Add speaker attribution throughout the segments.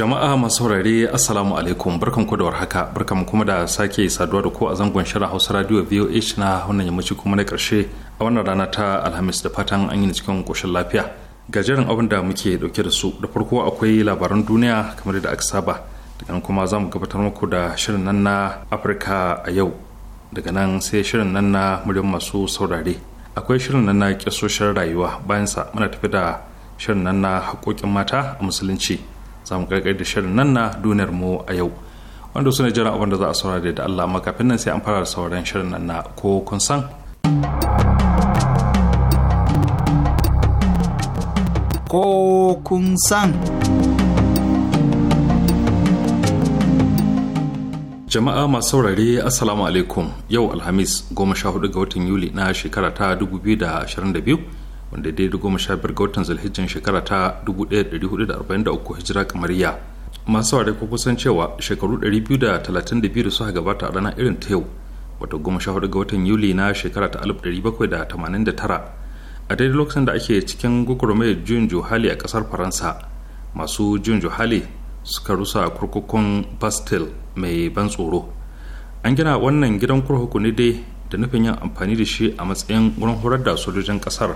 Speaker 1: jama'a masu saurare assalamu alaikum barkan ku da warhaka barkan kuma da sake saduwa da ku a zangon shirin hausa radio voh na wannan yammaci kuma na karshe a wannan rana ta alhamis da fatan an yi cikin koshin lafiya gajeren abin da muke dauke da su da farko akwai labaran duniya kamar da aka saba daga nan kuma za mu gabatar muku da shirin nan na afirka a yau daga nan sai shirin nan na muryar masu saurare akwai shirin nan na kyasoshin rayuwa bayan sa muna tafi da shirin nan na haƙoƙin mata a musulunci za mu karkar da shirin nan na duniyar mu a yau wanda su ne jiran da za a saurare da Allah makafin nan sai an fara sauran shirin nan na ko kun san
Speaker 2: ko kun san
Speaker 1: jama'a masu saurare assalamu alaikum yau alhamis 14 ga watan yuli na shekara ta 2022 wanda dai goma sha biyar ga watan zalhijjan shekara ta 1443 hijira kamariya masu ware ko kusan cewa shekaru 232 da suka gabata a ranar irin ta yau wato goma sha hudu ga watan yuli na shekara ta 1789 a daidai lokacin da ake cikin gugurmayar juyin juhali a kasar faransa masu juyin juhali suka rusa kurkukun bastille mai ban tsoro an gina wannan gidan kurkuku ne dai da nufin yin amfani da shi a matsayin wurin horar da sojojin kasar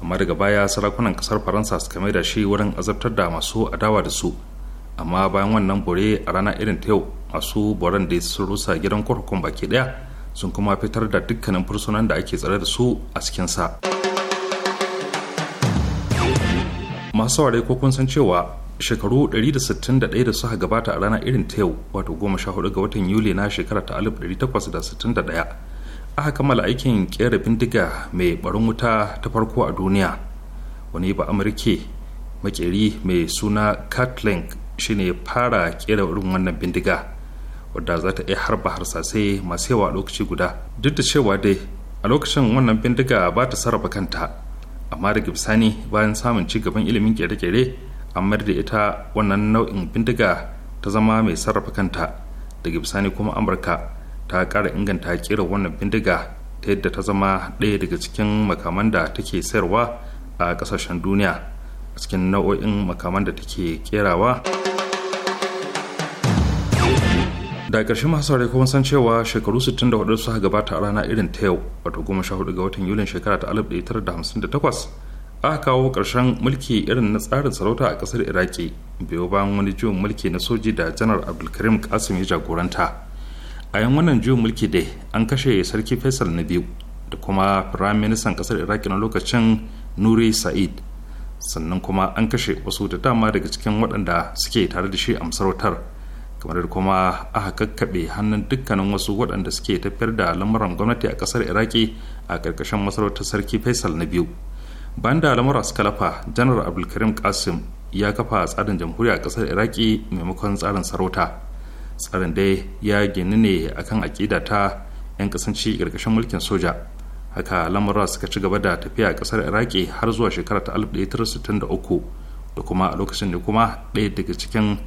Speaker 1: amma daga baya sarakunan kasar faransa suka mai da shi wurin azabtar da masu adawa da su amma bayan wannan bore a rana irin ta yau masu boren da sun rusa gidan kurkukun baki daya sun kuma fitar da dukkanin fursunan da ake tsare da su a sa masu ware ko kun san cewa shekaru 161 da suka gabata a rana irin ta yau wato 14 ga watan yuli na shekara ta 1861 aka kammala aikin kera bindiga mai barin wuta ta farko a duniya wani ba amurke makeri mai suna katlink shine fara kera irin wannan bindiga wadda za ta iya harba harsasai masu yawa a lokaci guda duk da cewa dai a lokacin wannan bindiga ba ta sarrafa kanta amma daga bisani bayan samun ci gaban ilimin kere-kere an mayar da ita wannan nau'in bindiga ta zama mai sarrafa kanta daga bisani kuma amurka ta kara inganta kira wannan bindiga ta yadda ta zama ɗaya daga cikin makaman da take sayarwa a ƙasashen duniya a cikin nau'o'in makaman da take kerawa da ƙarshe masu saurari kuma san cewa shekaru 64 suka gabata a rana irin ta yau wato 14 ga watan yulin shekara ta 1958 aka kawo ƙarshen mulki irin na tsarin sarauta a ƙasar iraki biyo bayan wani juyin mulki na soji da janar abdulkarim kasim ya jagoranta a yan wannan juyin mulki dai an kashe sarki faisal na biyu da kuma firaministan kasar iraki na lokacin nuri sa'id sannan kuma an kashe wasu da dama daga cikin waɗanda suke tare da shi a masarautar kamar da kuma aka kakkaɓe hannun dukkanin wasu waɗanda suke tafiyar da lamuran gwamnati a ƙasar iraki a ƙarƙashin masarautar sarki faisal na biyu bayan da lamura suka lafa janar abdulkarim kasim ya kafa tsarin jamhuriya a ƙasar iraki maimakon tsarin sarauta tsarin dai ya gini ne akan aƙida ta 'yan kasance ƙarƙashin mulkin soja haka lamura suka ci gaba da tafiya a ƙasar iraki har zuwa shekara ta 1963 da kuma a lokacin da kuma ɗaya daga cikin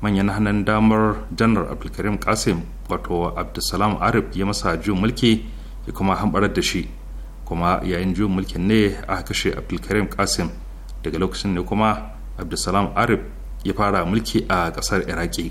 Speaker 1: manyan hannun damar janar abdulkarim kasim wato abdulsalam arif ya masa juyin mulki ya kuma hambarar da shi kuma yayin juyin mulkin ne aka kashe abdulkarim kasim daga lokacin ne kuma abdulsalam arif ya fara mulki a ƙasar iraki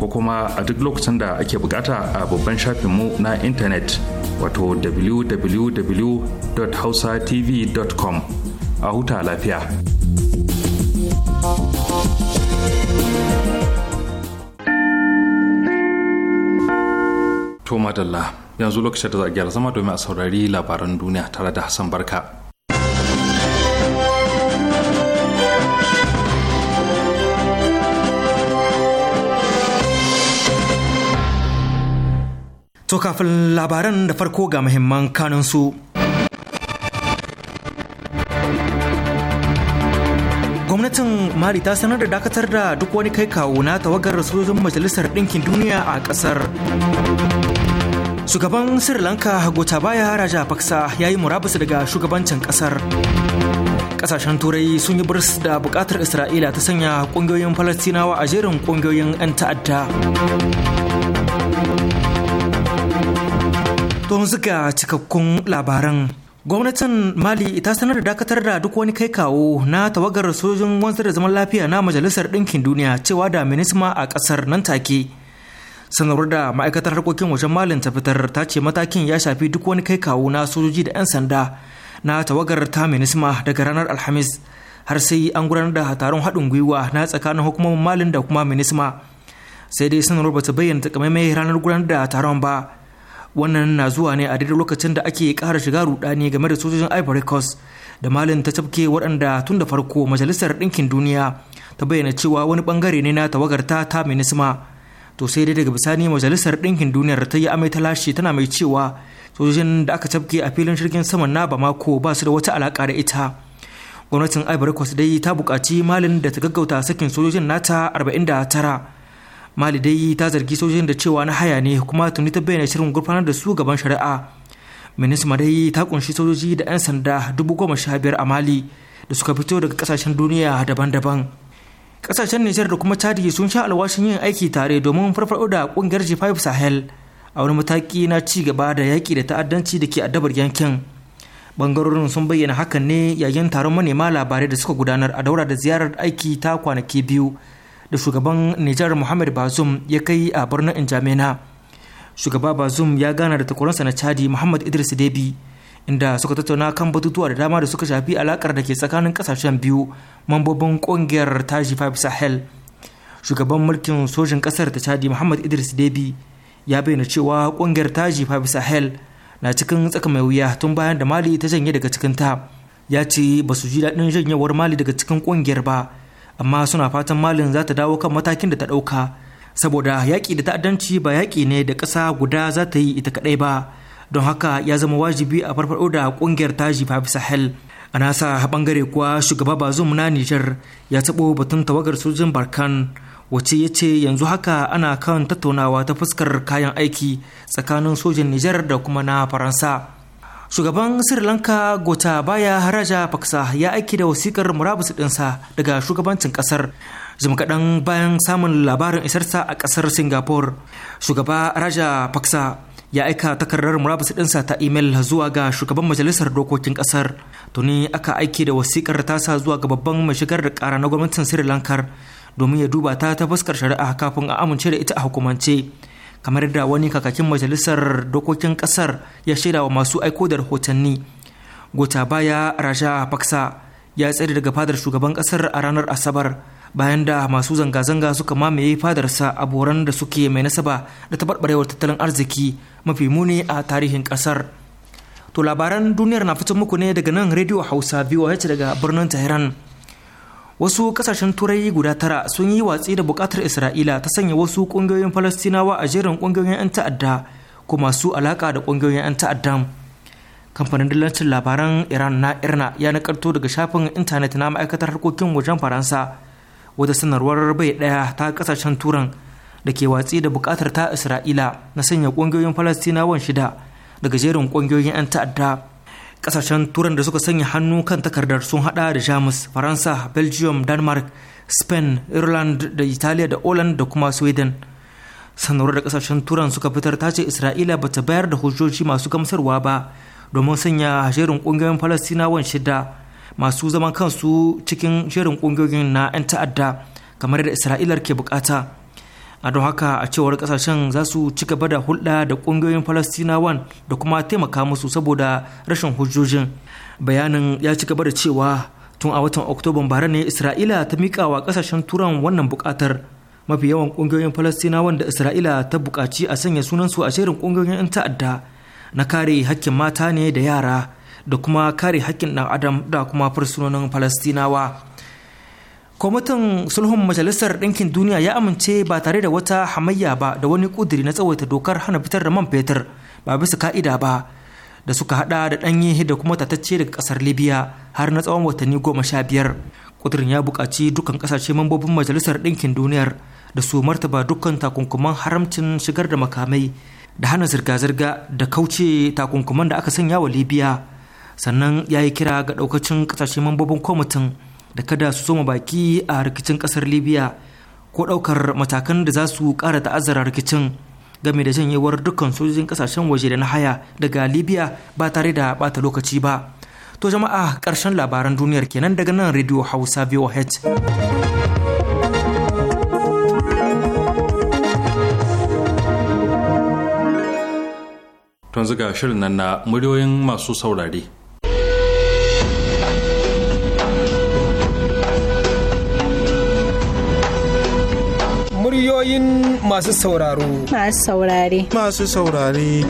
Speaker 1: ko kuma a duk lokacin da ake bukata a babban shafinmu na intanet wato www.hausatv.com a huta lafiya. To madalla yanzu lokacin da za a gyara zama domin a saurari labaran duniya tare da Hassan Barka.
Speaker 2: To kafin labaran da farko ga muhimman su Gwamnatin Mali ta sanar da dakatar da duk wani kai kawo na tawagar sojojin Majalisar Ɗinkin Duniya a ƙasar. Shugaban Sri Lanka Gotabaya Faksa, ya yi murabus daga shugabancin ƙasar. Ƙasashen turai sun yi birs da bukatar isra'ila ta sanya ƙungiyoyin falastinawa a jerin ƙungiyoyin 'yan ta'adda To yanzu ga cikakkun labaran. Gwamnatin Mali ta sanar da dakatar da duk wani kai kawo na tawagar sojojin wanzar da zaman lafiya na Majalisar Ɗinkin Duniya cewa da minisma a ƙasar nan take. Sanarwar da ma'aikatar harkokin wajen Malin ta fitar ta ce matakin ya shafi duk wani kai kawo na sojoji da 'yan sanda na tawagar ta minisma daga ranar Alhamis har sai an gudanar da taron haɗin gwiwa na tsakanin hukumomin Malin da kuma minisma. Sai dai sanarwar ba ta bayyana takamaimai ranar gudanar da taron ba. wannan na zuwa ne a daidai lokacin da ake kara shiga rudani game da sojojin ivory coast da malin ta tafke waɗanda tun da farko majalisar ɗinkin duniya ta bayyana cewa wani bangare ne na tawagar ta ta minisma to sai dai daga bisani majalisar ɗinkin duniyar ta yi amai ta lashe tana mai cewa sojojin da aka tafke a filin shirgin saman na bamako ba su da wata alaƙa da ita gwamnatin ivory coast dai ta buƙaci malin da ta gaggauta sakin sojojin nata arba'in da tara. malidai ta zargi sojojin da cewa na haya ne kuma tuni ta bayyana shirin gurfanar da su gaban shari'a minis dai ta kunshi sojoji da 'yan sanda dubu goma sha biyar a mali da suka fito daga kasashen duniya daban-daban kasashen nijar da kuma chadi sun sha alwashin yin aiki tare domin farfaɗo da kungiyar g5 sahel a wani mataki na ci gaba da yaƙi da ta'addanci da ke addabar yankin bangarorin sun bayyana hakan ne yayin taron manema labarai da suka gudanar a daura da ziyarar aiki ta kwanaki biyu da shugaban Nijar Muhammad bazum ya kai a birnin Injamena. Shugaba Bazoum ya gana da takwaransa na Chadi Muhammad Idris Debi inda suka tattauna kan batutuwa da dama da suka shafi alakar da ke tsakanin kasashen biyu mambobin kungiyar Taji 5 Sahel. Shugaban mulkin sojin kasar ta Chadi Muhammad Idris Debi ya bayyana cewa kungiyar Taji 5 Sahel na cikin tsaka mai wuya tun bayan da Mali ta janye daga cikinta. ya ce ba su ji daɗin janyewar mali daga cikin ƙungiyar ba amma suna fatan malin za ta dawo kan matakin da ta ɗauka saboda yaƙi da ta'addanci ba yaƙi ne da ƙasa guda za ta yi ita kaɗai ba don haka ya zama wajibi a farfaɗo da ƙungiyar ta jifa sahel a nasa ɓangare kuwa shugaba bazum na niger ya taɓo batun tawagar sojin barkan wace ya ce yanzu haka ana kan tattaunawa ta fuskar kayan aiki tsakanin sojin nijar da kuma na faransa shugaban sri lanka baya haraja paksa ya aiki da wasikar murabus ɗinsa daga shugabancin kasar jim kaɗan bayan samun labarin isarsa a kasar singapore shugaba raja paksa ya aika takardar murabus ɗinsa ta imel zuwa ga shugaban majalisar dokokin kasar tuni aka aiki da wasikar tasa zuwa ga babban mai shigar da kara na gwamnatin sri lankar domin ya duba ta ta fuskar shari'a kafin a amince da ita a hukumance kamar da wani kakakin majalisar dokokin kasar ya shaida wa masu aiko da rahotanni gota baya raja paksa ya tsere daga fadar shugaban kasar a ranar asabar bayan da masu zanga-zanga suka mamaye fadarsa a boran da suke mai nasaba da tabarbarewar tattalin arziki mafi muni a tarihin kasar to labaran duniyar na fito muku ne daga nan rediyo hausa voh daga birnin tehran wasu kasashen turai guda tara sun yi watsi da bukatar isra'ila ta sanya wasu kungiyoyin falastinawa a jerin kungiyoyin 'yan ta'adda ko masu alaka da kungiyoyin 'yan ta'adda kamfanin dillancin labaran iran na irna ya nakarto daga shafin intanet na ma'aikatar harkokin wajen faransa wata sanarwar bai daya ta kasashen turan da ke watsi da bukatar ta isra'ila na sanya kungiyoyin falastinawan shida daga jerin kungiyoyin 'yan ta'adda kasashen turan da suka sanya hannu kan takardar sun hada da jamus faransa belgium denmark spain ireland da italiya da oland da kuma sweden sanarwar da kasashen turan suka fitar ta ce isra'ila ba ta bayar da hujjoji masu gamsarwa ba domin sanya jerin kungiyoyin falastinawan shida masu zaman kansu cikin jerin kungiyoyin na 'yan ta'adda kamar da isra'ilar ke bukata a don haka a cewar kasashen za su ci gaba da hulɗa da ƙungiyoyin falastinawan da kuma taimaka musu saboda rashin hujjojin bayanin ya ci gaba da cewa tun a watan oktoban bara ne isra'ila ta miƙa wa kasashen turan wannan buƙatar mafi yawan ƙungiyoyin falastinawan da isra'ila ta buƙaci a sanya sunansu a shirin ƙungiyoyin 'yan ta'adda na kare hakkin mata ne da yara da kuma kare hakkin ɗan adam da kuma fursunonin falastinawa kwamitin sulhun majalisar ɗinkin duniya ya amince ba tare da wata hamayya ba da wani ƙudiri na tsawaita dokar hana fitar da man fetur ba bisa ka'ida ba da suka haɗa da ɗanye da kuma tatacce daga ƙasar libya har na tsawon watanni goma sha biyar ƙudirin ya buƙaci dukkan ƙasashe mambobin majalisar ɗinkin duniyar da su martaba dukkan takunkuman haramcin shigar da makamai da hana zirga-zirga da kauce takunkuman da aka sanya wa libya sannan ya yi kira ga ɗaukacin ƙasashe mambobin kwamitin da kada su soma baki a rikicin kasar libya ko daukar matakan da za su ƙara ta'azzara rikicin game da janyewar dukkan sojojin kasashen waje da na haya daga libya ba tare da bata lokaci ba to jama'a karshen labaran duniyar kenan daga nan radio hausa voh
Speaker 1: tun zuga shirin nan na muryoyin masu saurare
Speaker 2: Muryoyin masu sauraro.
Speaker 3: Masu
Speaker 4: saurare.
Speaker 2: Masu saurare.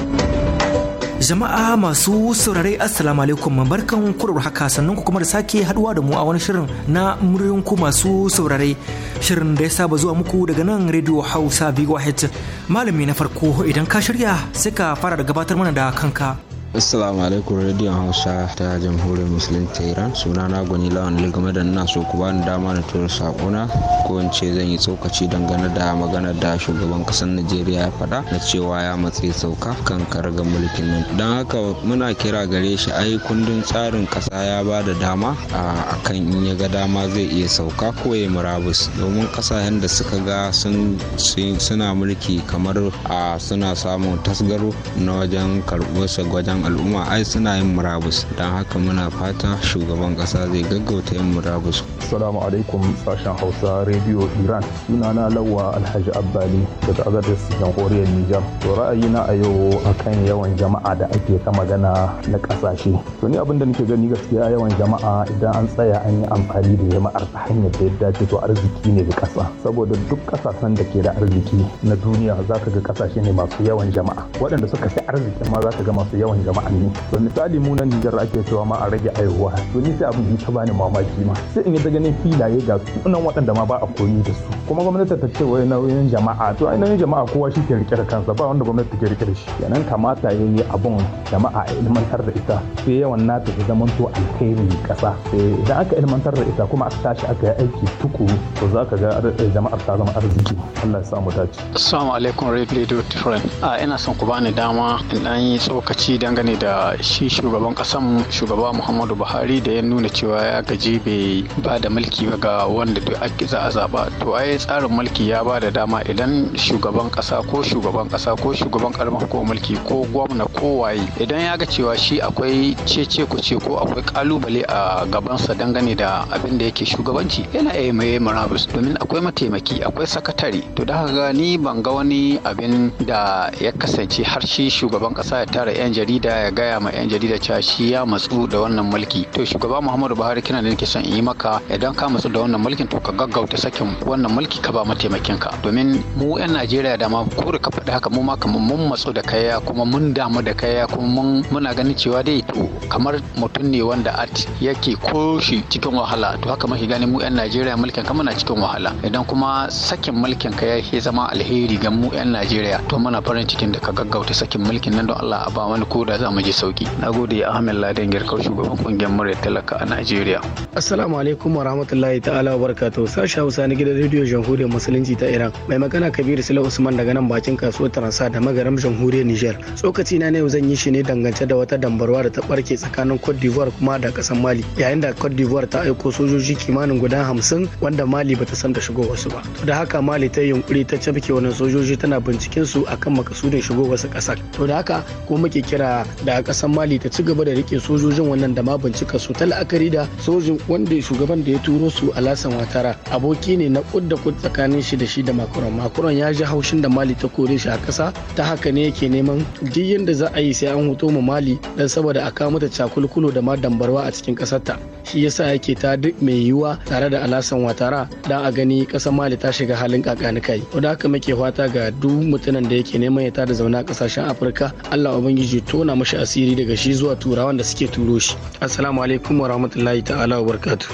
Speaker 2: Jama'a masu saurare Assalamu alaikum barkan kurar haka sannan ku kuma da sake haduwa da mu a wani shirin na muryoyin masu saurare shirin da ya saba zuwa muku daga nan Radio Hausa VOH malami na farko idan ka shirya sai ka fara da gabatar mana da kanka.
Speaker 5: Assalamu alaikum rediyon Hausa ta Jamhuriyar Musulunci Iran suna na gwani lawan game da na so ku bani dama na tura sakona ko in zan yi tsokaci dangane da magana da shugaban kasar Najeriya ya faɗa na cewa ya matse sauka kan karagar mulkin nan don haka muna kira gare shi ai kundin tsarin kasa ya ba da dama a kan in ya ga dama zai iya sauka ko ya murabus domin kasashen da suka ga sun suna mulki kamar a suna samun tasgaro na wajen karɓar wajen sauran al'umma ai suna yin murabus don haka muna fata shugaban kasa zai gaggauta yin murabus assalamu alaikum sashen hausa rediyo iran sunana lawa alhaji abbali daga agadis jamhuriyar
Speaker 1: nijar to ra'ayina a yau akan yawan jama'a da ake ta magana na kasashe to ni abin da nake gani gaskiya yawan jama'a idan an tsaya an yi amfani da jama'ar ta hanyar da ya dace to arziki ne ga kasa saboda duk kasashen da ke da arziki na duniya za ka ga kasashe ne masu yawan jama'a waɗanda suka fi arzikin ma za ka ga masu yawan jama'a da ma'ani to misali mu nan Nijar ake cewa ma a rage aihuwa to ni sai abin ta bani mamaki ma sai in yi ta ganin filaye ga sunan waɗanda ma ba a koyi da su kuma gwamnati ta ce wai nauyin jama'a to ai nauyin jama'a kowa shi ke rike kansa ba wanda gwamnati ke rike da shi kenan kamata ya yi abun jama'a a ilmantar da ita sai yawan nata ya zamanto alkhairin ƙasa eh, idan aka ilmantar da ita kuma aka tashi aka yi aiki tukuru to za ka ga eh, jama'ar ta zama arziki Allah ya sa mu dace
Speaker 6: assalamu alaikum radio different a ah, ina son ku bani dama in dan yi tsokaci dangane dangane da shi shugaban kasan shugaba muhammadu buhari da ya nuna cewa ya gaji bai ba da mulki ba ga wanda duk za a zaba to ai tsarin mulki ya ba da dama idan shugaban kasa ko shugaban kasa ko shugaban karamar ko mulki ko gwamna ko waye idan ya ga cewa shi akwai cece ku ce ko akwai kalubale a gabansa dangane da abin da yake shugabanci yana iya mai murabus domin akwai mataimaki akwai sakatare to da haka ni ban ga wani abin da ya kasance har shi shugaban kasa ya tara yan jarida ja ya gaya ma 'yan jarida cewa shi ya matsu da wannan mulki to shugaba muhammadu buhari kina da nake son in yi maka idan ka matsu da wannan mulkin to ka gaggauta sakin wannan mulki ka ba mataimakin ka domin mu 'yan najeriya dama ko da ka faɗi haka mu ma kamar mun matsu da kaya kuma mun damu da kaya kuma mun muna ganin cewa dai to kamar mutum ne wanda at yake koshi cikin wahala to haka mafi gani mu 'yan najeriya mulkin ka muna cikin wahala idan kuma sakin mulkin ka ya zama alheri ga mu 'yan najeriya to muna farin cikin da ka gaggauta sakin mulkin nan don allah a ba wani ko da. za mu ji sauki na gode ahmed laden girka shugaban kungiyar murya talaka a najeriya
Speaker 7: assalamu alaikum wa rahmatullahi ta'ala wa barakatuhu sashi hausa na gidan rediyo jamhuriyar musulunci ta iran mai magana kabiru sula usman daga nan bakin kasuwar taransa da magaram jamhuriyar niger tsokaci na yau zan yi shi ne dangance da wata dambarwa da ta barke tsakanin cote d'ivoire kuma da kasar mali yayin da cote d'ivoire ta aiko sojoji kimanin guda hamsin wanda mali bata san da shigo wasu ba To da haka mali ta yunkuri ta cafke wani sojoji tana binciken su akan makasudin shigo wasu kasar to da haka ko muke kira da kasan mali ta ci gaba da rike sojojin wannan da ma bincika su ta la'akari da sojin wanda shugaban da ya turo su alasan watara aboki ne na ƙudda kud tsakanin shi da shi da makuron makuron ya ji haushin da mali ta kore shi a kasa ta haka ne yake neman duk yadda za a yi sai an hoto mu mali dan saboda a kawo mata cakulkulo da ma dambarwa a cikin kasar ta shi yasa yake ta duk mai yiwuwa tare da alasan watara dan a gani kasar mali ta shiga halin kakani kai haka muke fata ga duk mutumin da yake neman ya tada zauna kasashen afirka allah ubangiji tona mashi asiri daga shi zuwa turawan da suke turo shi assalamu alaikum wa rahmatullahi ta'ala wa barkatu.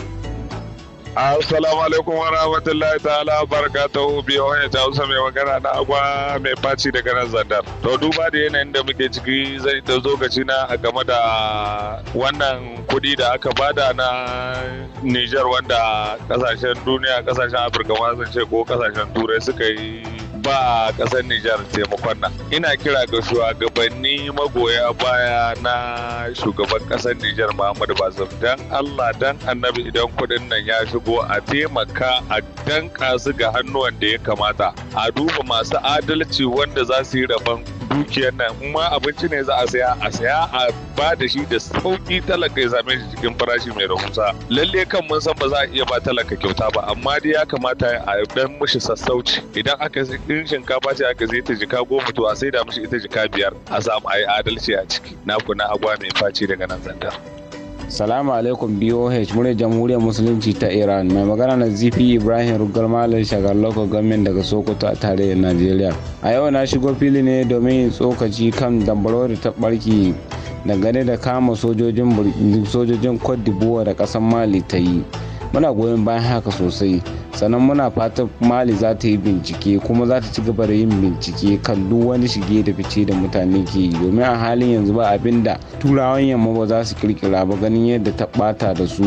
Speaker 8: Assalamu alaikum wa rahmatullahi ta'ala barkatu. biyo wani ta usa mai magana na agwa mai faci daga nan zandar. To duba da yanayin da muke ciki zai ta zogaci na a game da wannan kuɗi da aka bada na Nijar wanda kasashen duniya kasashen Afirka ma zan ce ko kasashen Turai suka yi ba ƙasar Nijar taimakon nan. Ina kira ga shugabanni magoya baya na shugaban ƙasar Nijar Muhammadu Bazum dan Allah dan annabi idan kuɗin nan ya shigo a taimaka a danka su ga hannuwan da ya kamata. A duba masu adalci wanda za su yi rabon dukiyar nan ma abinci ne za a saya a saya a ba da shi da sauki talaka ya same shi cikin farashi mai rahusa lalle kan mun san ba za a iya ba talaka kyauta ba amma dai ya kamata a dan mishi sassauci idan aka in shinkafa ce aka zai ta jika goma to a sai da mishi ita jika biyar a samu a yi adalci a ciki na kuna agwa mai faci daga nan zanta.
Speaker 5: salamu alaikum boh murya jamhuriyar musulunci ta iran mai magana na zifi ibrahim rugar malam shagar local government daga sokoto a tarayyar najeriya a yau na shigo fili ne domin yin tsokaci kan dambarwar da ta barki dangane da kama sojojin cote d'ivoire da kasan mali ta yi muna goyon bayan haka sosai sannan muna fatan mali za ta yi bincike kuma za ta ci gaba da yin bincike kan duk wani shige da fice da mutane ke yi domin a halin yanzu ba abin da turawan yamma ba za su kirkira ba ganin yadda ta bata da su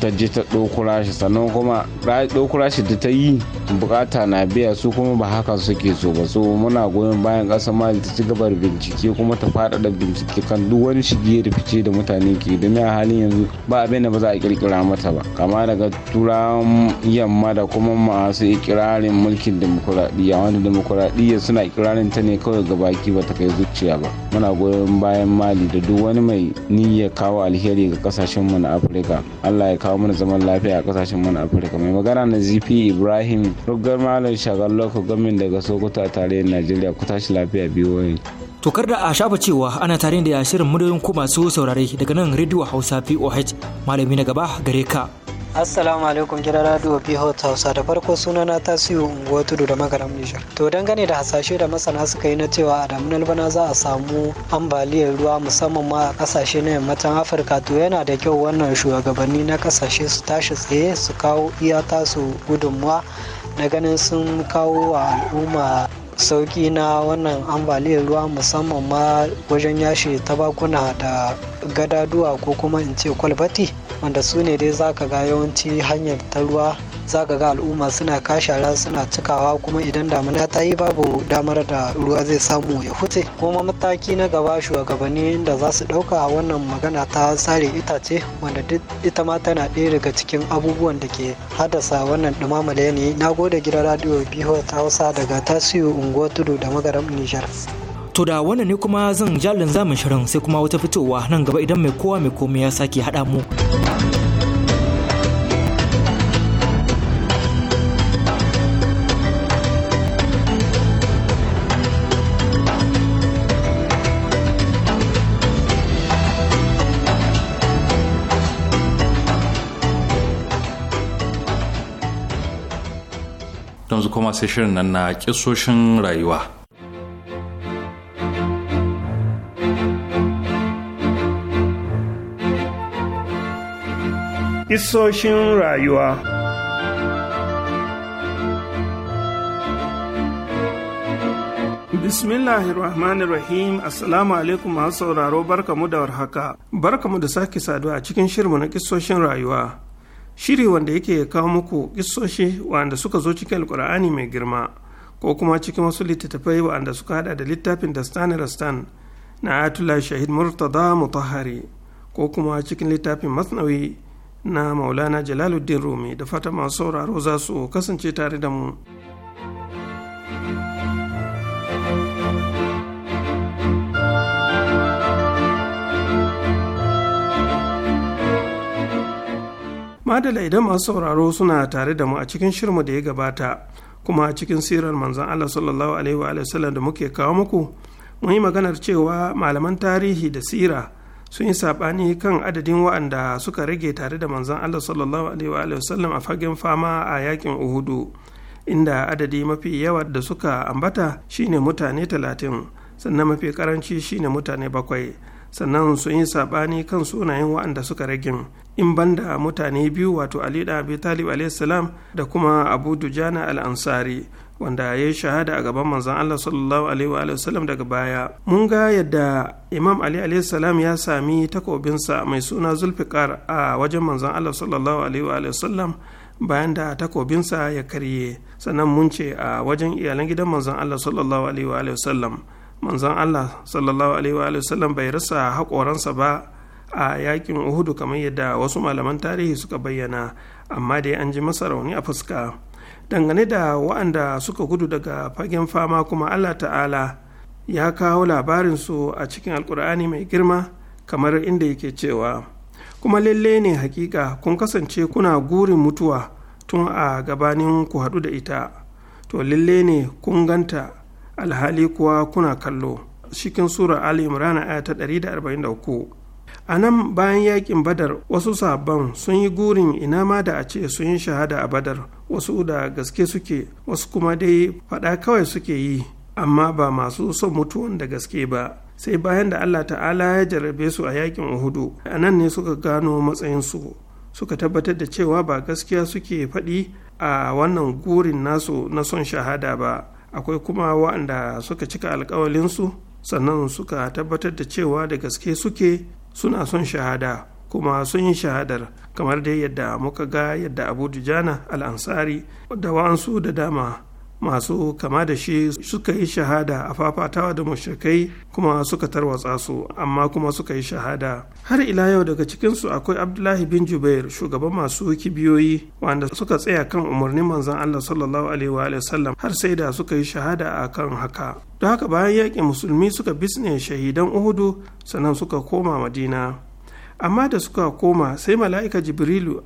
Speaker 5: ta je ta ɗauko rashi sannan kuma ɗauko rashi da ta yi bukata na biya su kuma ba haka suke so ba so muna goyon bayan kasar mali ta ci gabar bincike kuma ta faɗaɗa bincike kan duk wani shige da fice da mutane ke da a halin yanzu ba abin da ba za a kirkira mata ba kama daga turawan yamma da kuma masu ikirarin mulkin demokuraɗiyya wanda demokuraɗiyya suna ikirarin ta ne kawai ga baki ba ta kai zuciya ba muna goyon bayan mali da duk wani mai niyyar kawo alheri ga kasashen mu na afirka allah ya kawo mana zaman lafiya a kasashen mu na afirka mai magana na zp ibrahim rugar malam shagar local daga sokoto a tarihin najeriya ku tashi
Speaker 2: lafiya biyu To da a shafa cewa ana tare da shirin muryoyin ku masu saurare daga nan rediyo Hausa poh malami na gaba gare ka.
Speaker 4: Assalamu alaikum gidan radio Hausa da farko sunana siyo Unguwa Tudu da Magaram Nijar. To dangane da hasashe da masana suka yi na cewa a damunar bana za a samu ambaliyar ruwa musamman ma a kasashe na yammacin Afirka to yana da kyau wannan shugabanni na kasashe su tashi tsaye su kawo iya tasu gudunmuwa na ganin sun kawo wa al'umma sauki na wannan ambaliyar ruwa musamman ma wajen yashe tabakuna da gadaduwa ko kuma in ce kwalbati wanda su ne dai za ka ga yawanci hanyar ta ruwa za ka ga al'umma suna kashara suna cikawa kuma idan damuna ta yi babu damar da ruwa zai samu ya huce kuma mataki na gaba shugabanni da za su ɗauka wannan magana ta sare itace wanda duk ita ma tana ɗaya daga cikin abubuwan da ke haddasa wannan da yanayi na gode gidan radio biyu ta hausa daga tasiyo unguwar tudu da magaram nijar
Speaker 2: To da wannan ne kuma zan jalin zamin shirin sai kuma wata fitowa nan gaba idan mai kowa mai komai ya sake haɗa mu.
Speaker 1: kuma sai shirin nan na kisoshin rayuwa.
Speaker 9: Kisoshin rayuwa Bismillahirrahmanirrahim Assalamu alaikum masu sauraro barkamu da warhaka barkamu da sake saduwa a cikin shirmu na kisoshin rayuwa shiri wanda yake kawo muku kissoshi wanda suka zo cikin alkur'ani mai girma ko kuma cikin wasu littattafai wanda suka hada da littafin dastan rastan na atula shahid murtada mutahari ko kuma cikin littafin masnawi na maulana jalaluddin rumi da fata masu sauraro za su kasance tare da mu. madala idan masu sauraro suna tare da mu a cikin shirmu da ya gabata kuma a cikin sirar manzan allah sallallahu alaihi wa sallam da muke kawo muku mun yi maganar cewa malaman tarihi da sira sun yi saɓani kan adadin wa'anda suka rage tare da manzan allah sallallahu alaihi wa sallam a fagen fama a yakin uhudu inda adadi mafi yawa da suka ambata shine mutane talatin sannan mafi karanci shine mutane bakwai sannan sun yi saɓani kan sunayen wa'anda suka rage in banda mutane biyu wato ali da abi talib alaihissalam da kuma abu dujana al-ansari wanda ya yi shahada a gaban manzon Allah sallallahu alaihi wa sallam daga baya mun ga yadda Imam Ali alaihi salam ya sami takobinsa mai suna Zulfikar a wajen manzon Allah sallallahu alaihi wa sallam bayan da takobinsa ya karye sannan mun ce a wajen iyalan gidan manzon Allah sallallahu alaihi wa sallam manzon allah sallallahu alaihi wa sallam bai rasa haƙoransa ba a yakin uhudu kamar yadda wasu malaman tarihi suka bayyana amma dai an ji masa rauni a fuska dangane da wa'anda suka gudu daga fagen fama kuma allah ta'ala ya kawo labarin su a cikin alkur'ani mai girma kamar inda yake cewa kuma lalle ne hakika kun kasance kuna gurin mutuwa tun a gabanin ku haɗu da ita to lalle ne kun ganta alhali kuwa kuna kallo cikin sura al imran aya ta 143 a nan bayan yakin badar wasu sabon sun yi gurin ina ma da a ce sun yi shahada a badar wasu da gaske suke wasu kuma dai faɗa kawai suke yi amma ba masu son mutuwan da gaske ba sai bayan da allah ta'ala ya jarrabe su a yakin uhudu a nan ne suka gano matsayinsu suka tabbatar da cewa ba gaskiya suke faɗi a wannan gurin nasu na son shahada ba akwai kuma waɗanda suka cika alkawalinsu sannan suka tabbatar da cewa da gaske suke suna son shahada kuma sun yi shahadar kamar dai yadda muka ga yadda abu dujana al'ansari da wa'ansu da dama masu kama da shi suka yi shahada a fafatawa da mashirkai kuma suka tarwatsa su amma kuma suka yi shahada har ila yau daga cikinsu akwai abdullahi bin jubair shugaban masu kibiyoyi wanda suka tsaya kan umarnin manzan allah sallallahu alaihi wa sallam har sai da suka yi shahada a kan haka don haka bayan yaƙin musulmi suka bisne shahidan uhudu sannan suka koma madina amma da suka koma sai mala'ika jibrilu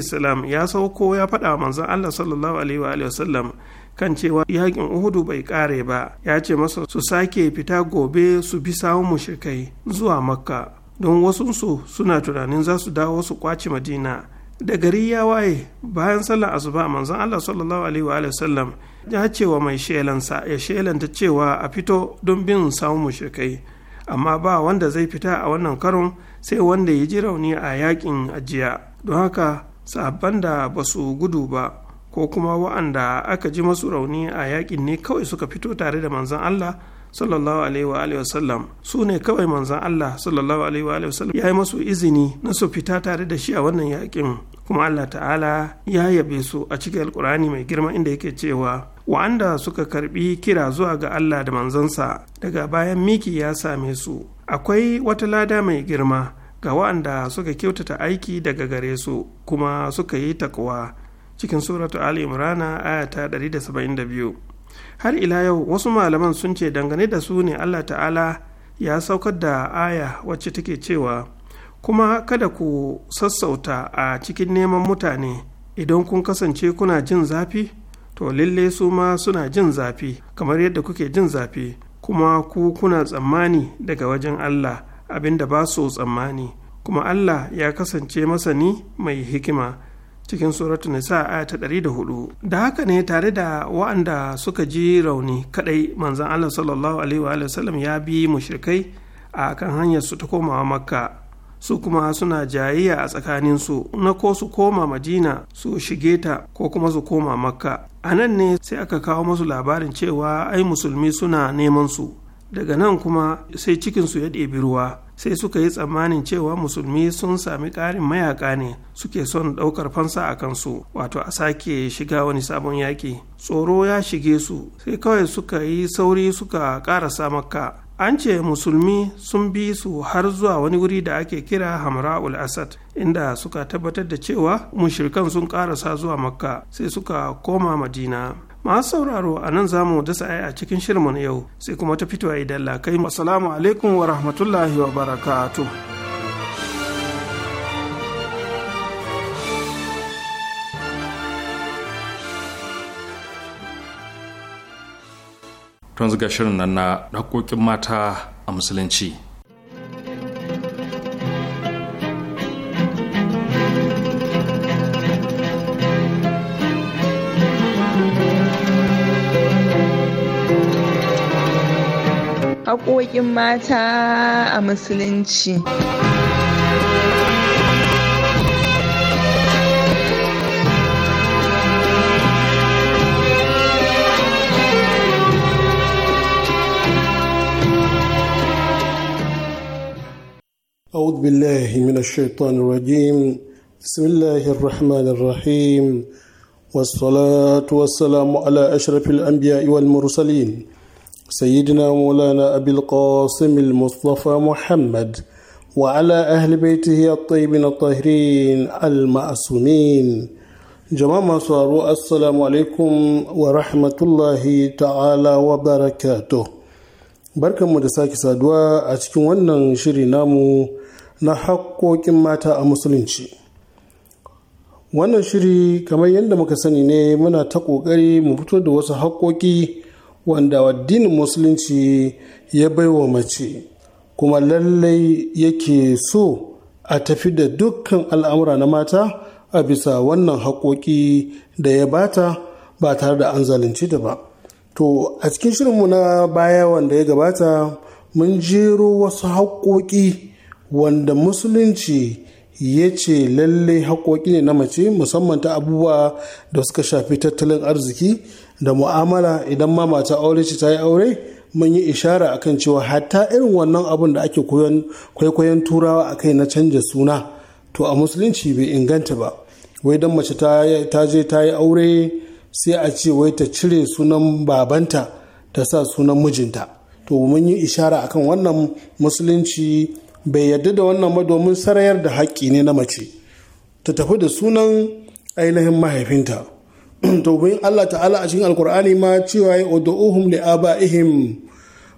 Speaker 9: salam ya sauko ya faɗa manzon Allah sallallahu alaihi wa wasallam kan cewa yakin Uhudu bai kare ba ya ce masa su sake fita gobe su bi sawun mushrikai zuwa Makka don wasunsu suna tunanin za su dawo su kwaci Madina da gari ya waye bayan sallar asuba manzon Allah sallallahu alaihi wa wasallam ya ce wa mai shelansa ya shelanta cewa a fito don bin sawun mushrikai amma ba wanda zai fita a wannan karon sai wanda ya ji rauni a yakin ajiya don haka sabban da ba su gudu ba ko kuma wa'anda aka ji masu rauni a yakin ne kawai suka fito tare da manzon Allah sallallahu alaihi wa alihi wasallam su ne kawai manzon Allah sallallahu alaihi wa alihi wasallam yi masu izini na su fita tare da shi a wannan yakin kuma Allah ta'ala ya yabe su a cikin alkurani mai girma inda yake cewa wa'anda suka karbi kira zuwa ga Allah da manzansa daga bayan miki ya same su akwai wata lada mai girma ga waɗanda suka kyautata aiki daga gare su kuma suka yi takwa cikin suratu ali imrana ayata da 172 har ila yau wasu malaman sun ce dangane da su ne allah ta'ala ya saukar da aya wacce take cewa kuma kada ku sassauta a cikin neman mutane idan kun kasance kuna jin zafi to lalle su ma suna jin zafi kamar yadda kuke jin zafi kuma ku kuna tsammani daga wajen allah abin da ba su tsammani kuma Allah ya kasance masani mai hikima cikin suratu nisa ayata ta ɗari da hudu da haka ne tare da wa'anda suka ji rauni kadai manzan Allah sallallahu alaihi wa ya bi mushrikai a kan hanyar su ta komawa makka su kuma suna jayayya a tsakaninsu na ko su koma madina su shige ta ko kuma su koma makka a nan ne sai aka kawo masu labarin cewa ai musulmi suna neman su daga nan kuma sai cikinsu ya ɗebi ruwa sai suka yi tsammanin cewa musulmi sun sami ƙarin mayaka ne suke son ɗaukar fansa a kansu wato a sake shiga wani sabon yaƙi tsoro ya shige su sai kawai suka yi sauri suka ƙarasa makka an ce musulmi sun bi su har zuwa wani wuri da ake kira hamra'ul asad inda suka tabbatar da cewa mushrikan sun ƙarasa zuwa makka sai suka koma madina masu sauraro a nan za mu dasa ai a cikin shirmu na yau sai kuma ta fito idan lakai assalamu alaikum wa rahmatullahi wa barakatu.
Speaker 1: tun ga shirin nan na haƙoƙin mata a musulunci
Speaker 4: haƙoƙin mata a musulunci.
Speaker 10: أعوذ بالله من الشيطان الرجيم بسم الله الرحمن الرحيم والصلاة والسلام على أشرف الأنبياء والمرسلين سيدنا مولانا أبي القاسم المصطفى محمد وعلى أهل بيته الطيبين الطاهرين المعصومين جماعة صاروا السلام عليكم ورحمة الله تعالى وبركاته بركة مدساك سادوا أتكي ونن شري نامو نحقو كماتا أمسلنشي wannan shiri kamar yadda muka sani ne muna ta ƙoƙari mu fito da wasu haƙoƙi wanda addinin musulunci ya baiwa mace kuma lallai yake so a tafi da dukkan al'amura na mata a bisa wannan haƙoƙi da ya bata ba tare da an zalunci ta ba to a cikin shirinmu na baya wanda ya gabata mun jero wasu haƙoƙi wanda musulunci ya ce lallai haƙoƙi ne na mace musamman ta abubuwa da suka shafi tattalin arziki da mu'amala idan ma mata aure ce ta yi aure mun yi ishara akan cewa hatta irin wannan abun da ake kwaikwayon turawa a kai na canja suna to a musulunci bai inganta ba wai don mace ta je ta yi aure sai a ce wai ta cire sunan babanta ta sa sunan mijinta to mun yi ishara akan wannan musulunci bai yarda da wannan ba domin sarayar da haƙƙi ne na mace ta tafi da sunan ainihin mahaifinta to Allah ta'ala a cikin alkur'ani ma cewa ya ud'uhum li abaihim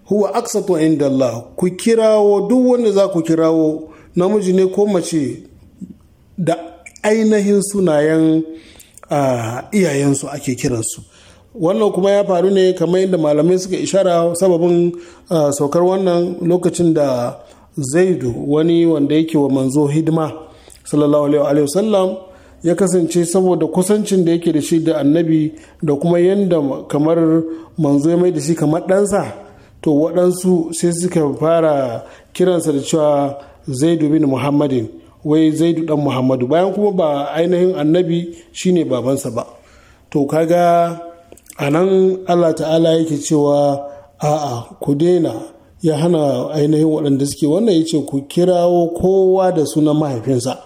Speaker 10: huwa aqsatu inda Allah ku kirawo duk wanda za ku kirawo namiji ne ko mace da ainihin sunayen iyayensu ake kiransu wannan kuma ya faru ne kamar yadda malamai suka ishara sababin saukar wannan lokacin da zaidu wani wanda yake wa manzo hidima sallallahu alaihi wasallam ya kasance saboda kusancin da yake da shi da annabi da kuma yadda kamar manzo ya mai da shi kamar ɗansa to waɗansu sai suka fara kiransa da cewa zaidu bin muhammadin wai zaidu dan muhammadu bayan kuma ba ainihin annabi shine babansa ba to kaga a nan allah ta'ala yake cewa a'a ku daina ya hana ainihin waɗanda suke wannan ya ce ku kirawo kowa da sunan mahaifinsa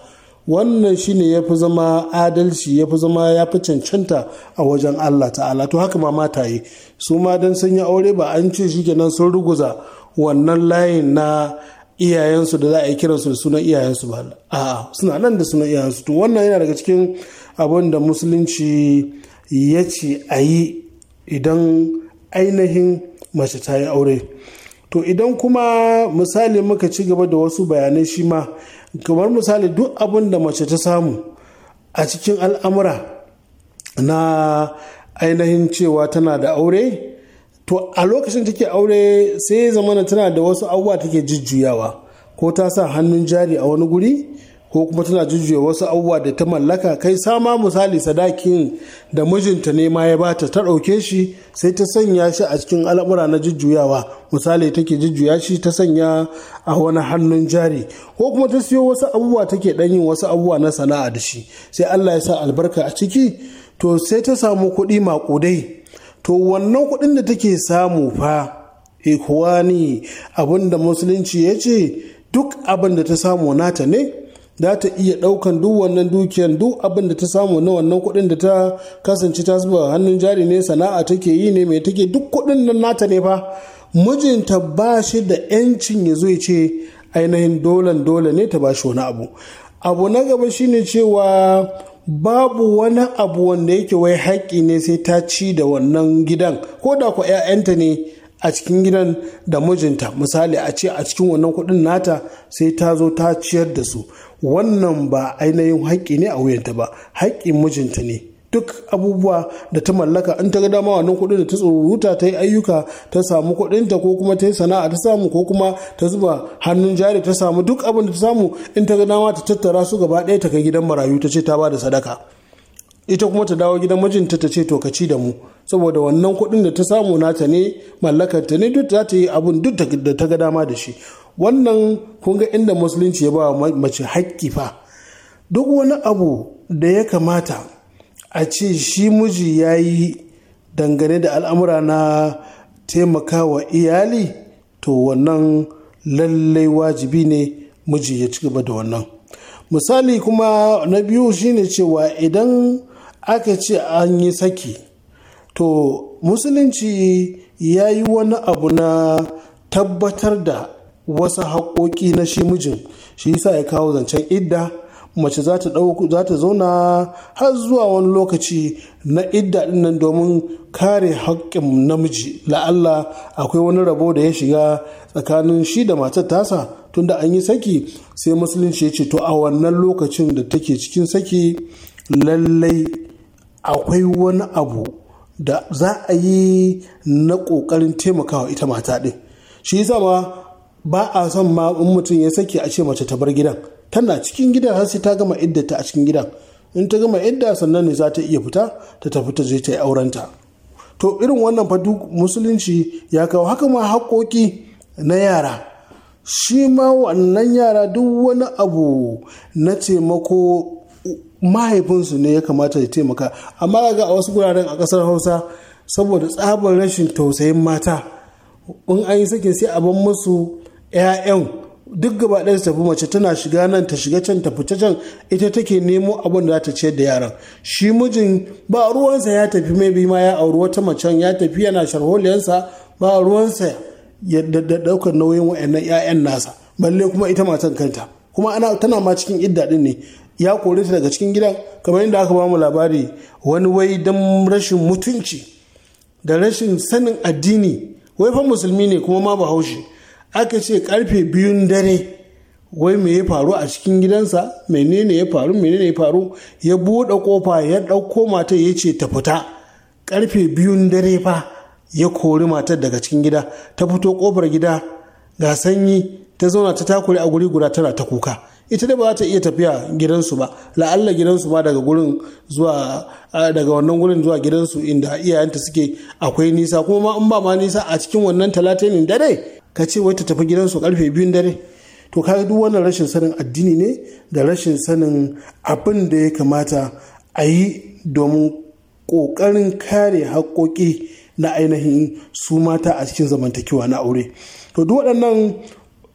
Speaker 10: wannan shine ya fi zama adalci ya fi zama ya fi cancanta a wajen Allah ta'ala to haka ma mata yi su ma dan sun yi aure ba an ce shi kenan sun ruguza wannan layin na iyayensu da za a yi kiransu da sunan iyayensu ba a suna nan da sunan iyayensu to wannan yana daga cikin abin da musulunci ya ce a yi idan ainihin mace ta yi aure to idan kuma misali muka ci gaba da wasu bayanai shi ma kamar misali duk abin da mace ta samu a cikin al'amura na ainihin cewa tana da aure to a lokacin take aure sai zamana tana da wasu abubuwa take jujjuyawa ko ta sa hannun jari a wani guri ko kuma tana jujjuya wasu abubuwa da ta mallaka kai sama misali sadakin da mijinta ne ma ya bata ta ɗauke shi sai ta sanya shi a cikin al'amura na jujjuyawa misali take jujjuya shi ta sanya a wani hannun jari ko kuma ta siyo wasu abubuwa take ɗan yin wasu abubuwa na sana'a da shi sai Allah ya sa albarka a ciki to sai ta samu kuɗi maƙudai to wannan kuɗin da take samu fa ikhwani abinda musulunci ya ce duk abin da ta samu nata ne za ta iya ɗaukan duk wannan dukiyar duk abin da ta samu na wannan kuɗin da ta kasance ta zuba hannun jari ne sana'a take yi ne mai take duk kuɗin nan nata ne fa mijinta ba shi da 'yancin ya zo ya ce ainihin dolan dole ne ta ba shi wani abu abu na gaba shine cewa babu wani abu wanda yake wai haƙƙi ne sai ta ci da wannan gidan ko da ku 'ya'yanta ne a cikin gidan da mijinta misali a ce a cikin wannan kudin nata sai ta zo ta ciyar da su wannan ba ainihin haƙƙi ne a wuyanta ba haƙƙi mijinta ne duk abubuwa da ta mallaka in ta ga dama wannan kudin da ta tsururuta ta yi ayyuka ta samu kuɗinta ko kuma ta yi sana'a ta samu ko kuma ta zuba hannun jari ta samu duk abin da ta samu in ta ga dama ta tattara su gaba ɗaya ta kai gidan marayu ta ce ta ba da sadaka ita kuma ta dawo gidan mijinta ta ce to ka ci da mu saboda wannan kuɗin da ta samu nata ne mallakar ta ne duk za ta yi abun duk da ta ga dama da shi wannan kun ga inda musulunci ya ba wa mace haƙƙi fa duk wani abu da ya kamata a ce shi miji ya yi dangane da al'amura na taimaka wa iyali to wannan lallai wajibi ne miji ya ci gaba da wannan misali kuma na biyu shine cewa idan aka ce an yi saki to musulunci ya yi wani abu na tabbatar da wasu haƙoƙi na shi mijin shi yasa ya kawo zancen idda mace za ta zauna har zuwa wani lokaci na idda nan domin kare haƙƙin namiji la'alla akwai wani rabo da ya shiga tsakanin shi da matar tasa tunda an yi saki sai musulunci ya ce to a wannan lokacin da take cikin saki lallai akwai wani abu da za a yi na ƙoƙarin taimakawa ita mata ɗin shi yasa ma ba a son ma in mutum ya sake a ce mace ta bar gidan tana cikin gidan har sai ta gama iddata a cikin gidan in ta gama idda sannan ne za ta iya fita ta tafi ta je ta yi aurenta to irin wannan fa duk musulunci ya kawo haka ma haƙoƙi na yara shi ma wannan yara duk wani abu na taimako mahaifinsu ne ya kamata ya taimaka amma ga a wasu guraren a kasar hausa saboda tsabar rashin tausayin mata in an yi sakin sai abin musu 'ya'yan duk gaba ɗaya su tafi mace tana shiga nan ta shiga can ta can ita take nemo abin da za ta ciyar da yaran shi mijin ba ruwansa ya tafi mai bima ya auri wata mace ya tafi yana sharholiyansa ba ruwansa ya ɗaukar nauyin wa'annan 'ya'yan nasa balle kuma ita matan kanta kuma tana ma cikin idda din ne ya kore ta daga cikin gidan kamar yadda aka ba mu labari wani wai don rashin mutunci da rashin sanin addini wai fa musulmi ne kuma ma bahaushe aka ce karfe biyun dare wai me ya faru a cikin gidansa menene ya faru menene ya faru ya buɗe kofa ya ɗauko matar ya ce ta fita karfe biyun dare fa ya kori matar daga cikin gida ta fito kofar gida ga sanyi ta zauna ta takure a guri guda tana ta kuka ita dai ba za ta iya tafiya gidansu ba la'alla gidansu ma daga gurin zuwa daga wannan gurin zuwa gidansu inda iyayenta suke akwai nisa kuma ma in ba ma nisa a cikin wannan talatin dare ka ce wai ta tafi gidansu karfe biyun dare to ka duk wannan rashin sanin addini ne da rashin sanin abin da ya kamata a yi domin ƙoƙarin kare haƙoƙi na ainihin su mata a cikin zamantakewa na aure to duk waɗannan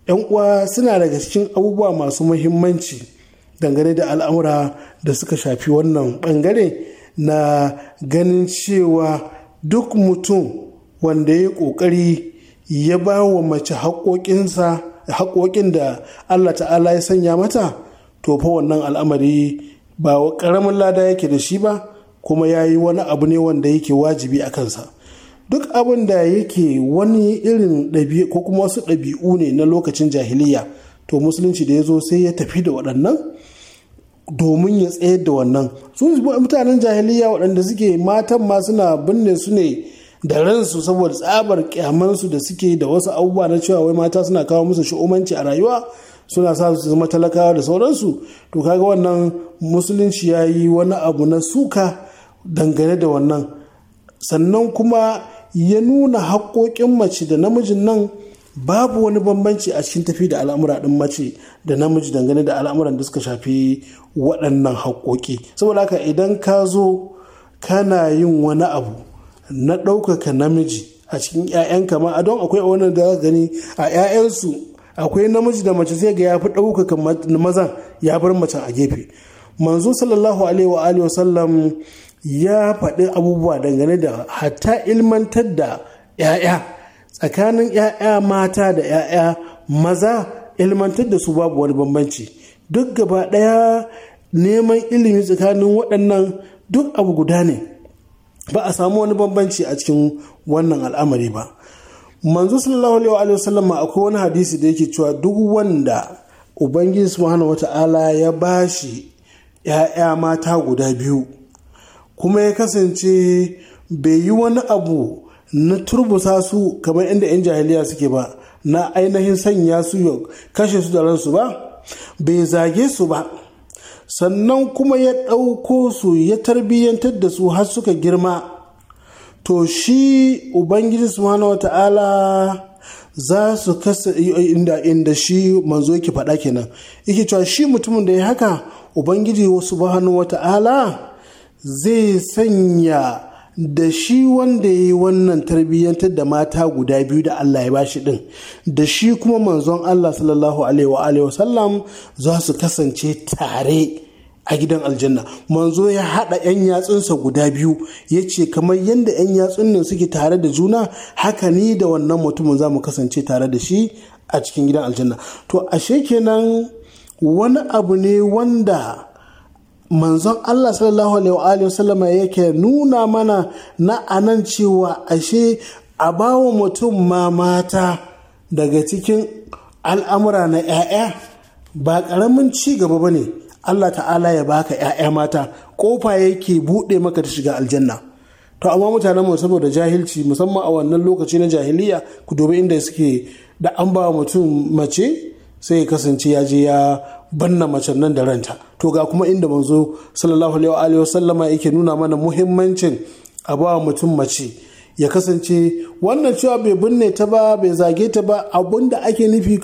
Speaker 10: 'yan uwa suna daga cikin abubuwa masu muhimmanci dangane da al'amura da suka shafi wannan bangare na ganin cewa duk mutum wanda ya ƙoƙari ya ba wa mace haƙoƙin da allah ta'ala ya sanya mata to fa wannan al'amari ba ƙaramin lada yake da shi ba kuma ya yi wani abu ne wanda yake wajibi a kansa duk abin da yake wani irin ɗabi'u ko kuma wasu ɗabi'u ne na lokacin jahiliya to musulunci da ya zo sai ya tafi da waɗannan domin ya tsayar da wannan su mutanen jahiliya waɗanda suke matan ma suna binne su ne da ransu saboda tsabar kyamansu da suke da wasu abubuwa na cewa wai mata suna kawo musu sha'umanci a rayuwa suna sa su zama talakawa da sauransu to kaga wannan musulunci ya yi wani abu na suka dangane da wannan sannan kuma ya nuna haƙoƙin mace da namijin nan babu wani bambanci a cikin tafi da al'amura ɗin mace da namiji dangane da al'amuran da suka shafi waɗannan haƙoƙi saboda haka idan ka zo kana yin wani abu na ɗaukaka namiji a cikin 'ya'yanka ma a don akwai wani da gani a 'ya'yansu akwai namiji da mace zai ga ya fi ɗaukaka mazan ya bar macen a gefe manzo sallallahu alaihi wa wa sallam ya faɗi abubuwa dangane da hatta ilmantar da 'ya'ya tsakanin 'ya'ya mata da 'ya'ya maza ilmantar da su babu wani bambanci duk gaba ɗaya neman ilimi tsakanin waɗannan duk abu guda ne ba a samu wani bambanci a cikin wannan al'amari ba manzo sallallahu alaihi wa sallam akwai wani hadisi da yake cewa duk wanda ubangiji subhanahu wata'ala ya bashi 'ya'ya mata guda biyu kuma ya kasance bai yi wani abu na turbusa su kamar inda 'yan jahiliya suke ba na ainihin sanya su kashe su da ransu ba bai zage su ba sannan kuma ya ɗauko su ya tarbiyyantar da su har suka girma to shi ubangiji subhanahu wata'ala za su kasa inda inda shi manzo yake faɗa kenan yake cewa shi mutumin da ya haka ubangiji subhanahu wata'ala zai sanya da shi wanda ya yi wannan tarbiyyantar da mata guda biyu da Allah ya bashi din da shi kuma manzon Allah sallallahu alaihi wa sallam za su kasance tare a gidan aljanna manzo ya haɗa 'yan yatsunsa guda biyu ya ce kamar yadda 'yan yatsun nan suke tare da juna haka ni da wannan mutumin za mu kasance tare da shi a cikin gidan aljanna to ashe kenan wani abu ne wanda manzon Allah sallallahu alaihi sallama yake nuna mana na anan cewa ashe a bawa mutum ma mata daga cikin al'amura na 'ya'ya ba ƙaramin ci gaba ba ne Allah ta'ala ya baka 'ya'ya mata ƙofa yake buɗe maka ta shiga aljanna to amma mutanen mu saboda jahilci musamman a wannan lokaci na jahiliya ku dubi inda suke da an ba mutum mace sai kasance ya je ya banna mace nan da ranta to ga kuma inda manzo sallallahu alaihi wa sallama yake nuna mana muhimmancin a ba mutum mace ya kasance wannan cewa bai binne ta ba bai zage ta ba abun da ake nufi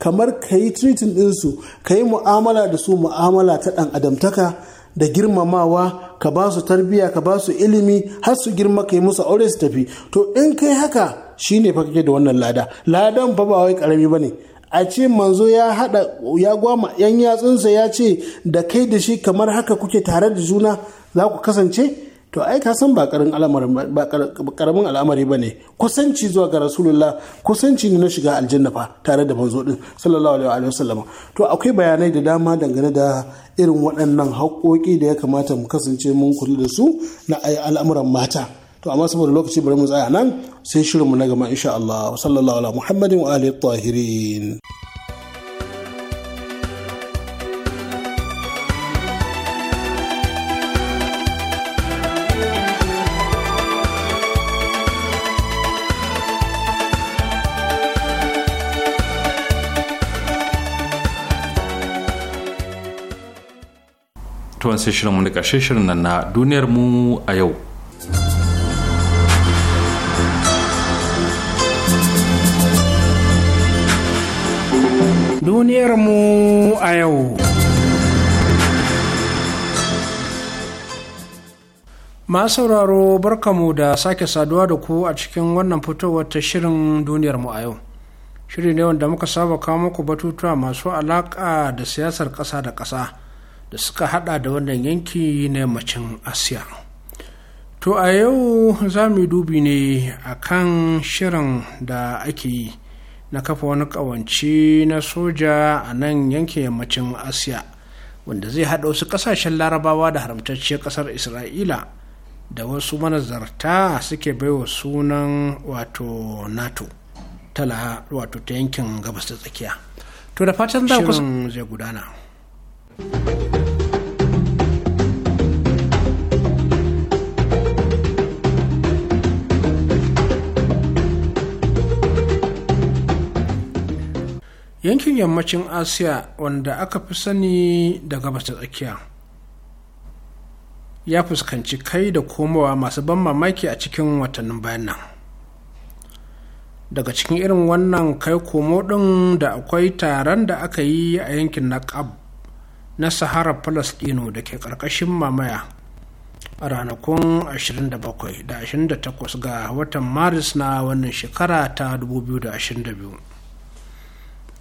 Speaker 10: kamar ka yi treating ɗinsu ka yi mu'amala da su mu'amala ta ɗan adamtaka da girmamawa ka ba su tarbiyya ka ba su ilimi har su girma ka yi musu aure su tafi to in kai haka shine fa kake da wannan lada ladan fa ba wai karami bane a ce manzo ya hada ya gwama yan yatsunsa ya ce da kai da shi kamar haka kuke tare da juna za ku kasance to ai ka san ba karamin al'amari ba ne kusanci zuwa ga rasulullah kusanci ne na shiga aljanna fa tare da manzo din sallallahu alaihi wa sallam to akwai bayanai da dama dangane da irin waɗannan haƙoƙi da ya kamata mu kasance mun kula da su na al'amuran mata to amma saboda lokaci bari mu tsaya nan sai shirinmu na gaba insha Allah sallallahu ala muhammadin wa alihi tahirin
Speaker 1: tuwan sai shirinmu da ƙarshe shirin nan na duniyar mu a yau
Speaker 11: Duniyarmu a yau. Masu sauraro barkamu da sake saduwa da ku a cikin wannan fitowar ta shirin duniyarmu a yau. Shiri ne wanda muka saba kawo muku batutuwa masu alaƙa da siyasar ƙasa da ƙasa da suka haɗa da wannan yanki na yammacin Asiya. To a yau za mu dubi ne a kan shirin da ake yi. na kafa wani ƙawance na soja a nan yankin yammacin asiya wanda zai haɗa wasu ƙasashen larabawa da haramtacciyar ƙasar isra'ila da wasu manazarta suke baiwa sunan wato nato ta yankin gabas da tsakiya to da fatan za ku zai gudana yankin yammacin asiya wanda aka fi sani da gabas ta tsakiya ya fuskanci kai da komowa masu ban mamaki a cikin watannin bayan nan daga cikin irin wannan kai komo ɗin da akwai taron da aka yi a yankin naqab na sahara palestino da ke ƙarƙashin mamaya a ranakun 27 da 28 ga watan maris na wannan shekara ta 2022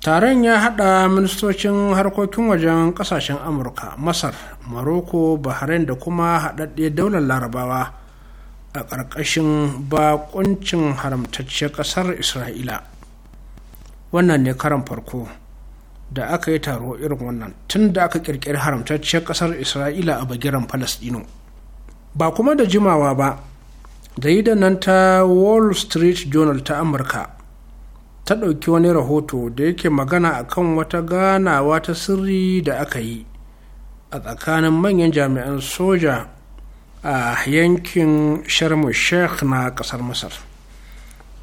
Speaker 11: taron ya haɗa ministocin harkokin wajen ƙasashen amurka masar maroko bahrain da kuma haɗaɗɗe daular larabawa a ƙarƙashin bakuncin haramtacciyar ƙasar isra'ila wannan ne karan farko da aka yi taro irin wannan tun da aka ƙirƙiri haramtacciyar ƙasar isra'ila a bagiran falasɗino ba kuma da jimawa ba da yi da nan ta wall street journal ta amurka ta ɗauki wani rahoto da yake magana a kan wata ganawa ta sirri da aka yi a tsakanin manyan jami'an soja a yankin sharmu sheikh na ƙasar masar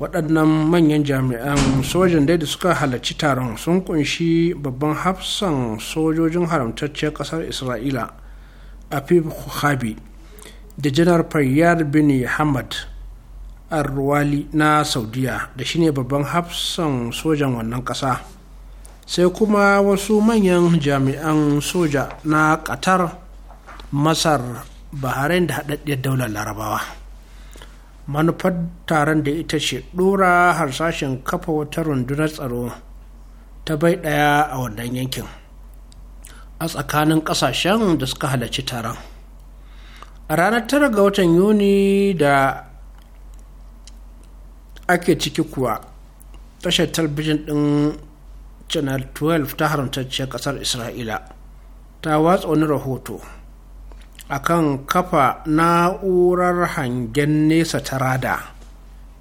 Speaker 11: waɗannan manyan jami'an sojan dai da suka halarci taron sun kunshi babban hafsan sojojin haramtacciyar ƙasar isra'ila afif khabi da janar fayyar bin hamad arruwali na saudiya da shine babban hafsan sojan wannan ƙasa sai kuma wasu manyan jami'an soja na qatar masar bahrain da haɗaɗɗiyar daular larabawa manufar taron da ita ce ɗora harsashen kafa wata rundunar tsaro ta bai ɗaya a wannan yankin a tsakanin ƙasashen da suka halarci taron a ranar tara ga watan yuni da ake ciki kuwa tashar talbijin ɗin channel 12 ta haramtacciyar ƙasar isra'ila ta watsa wani rahoto a kan kafa na'urar hangen nesa ta rada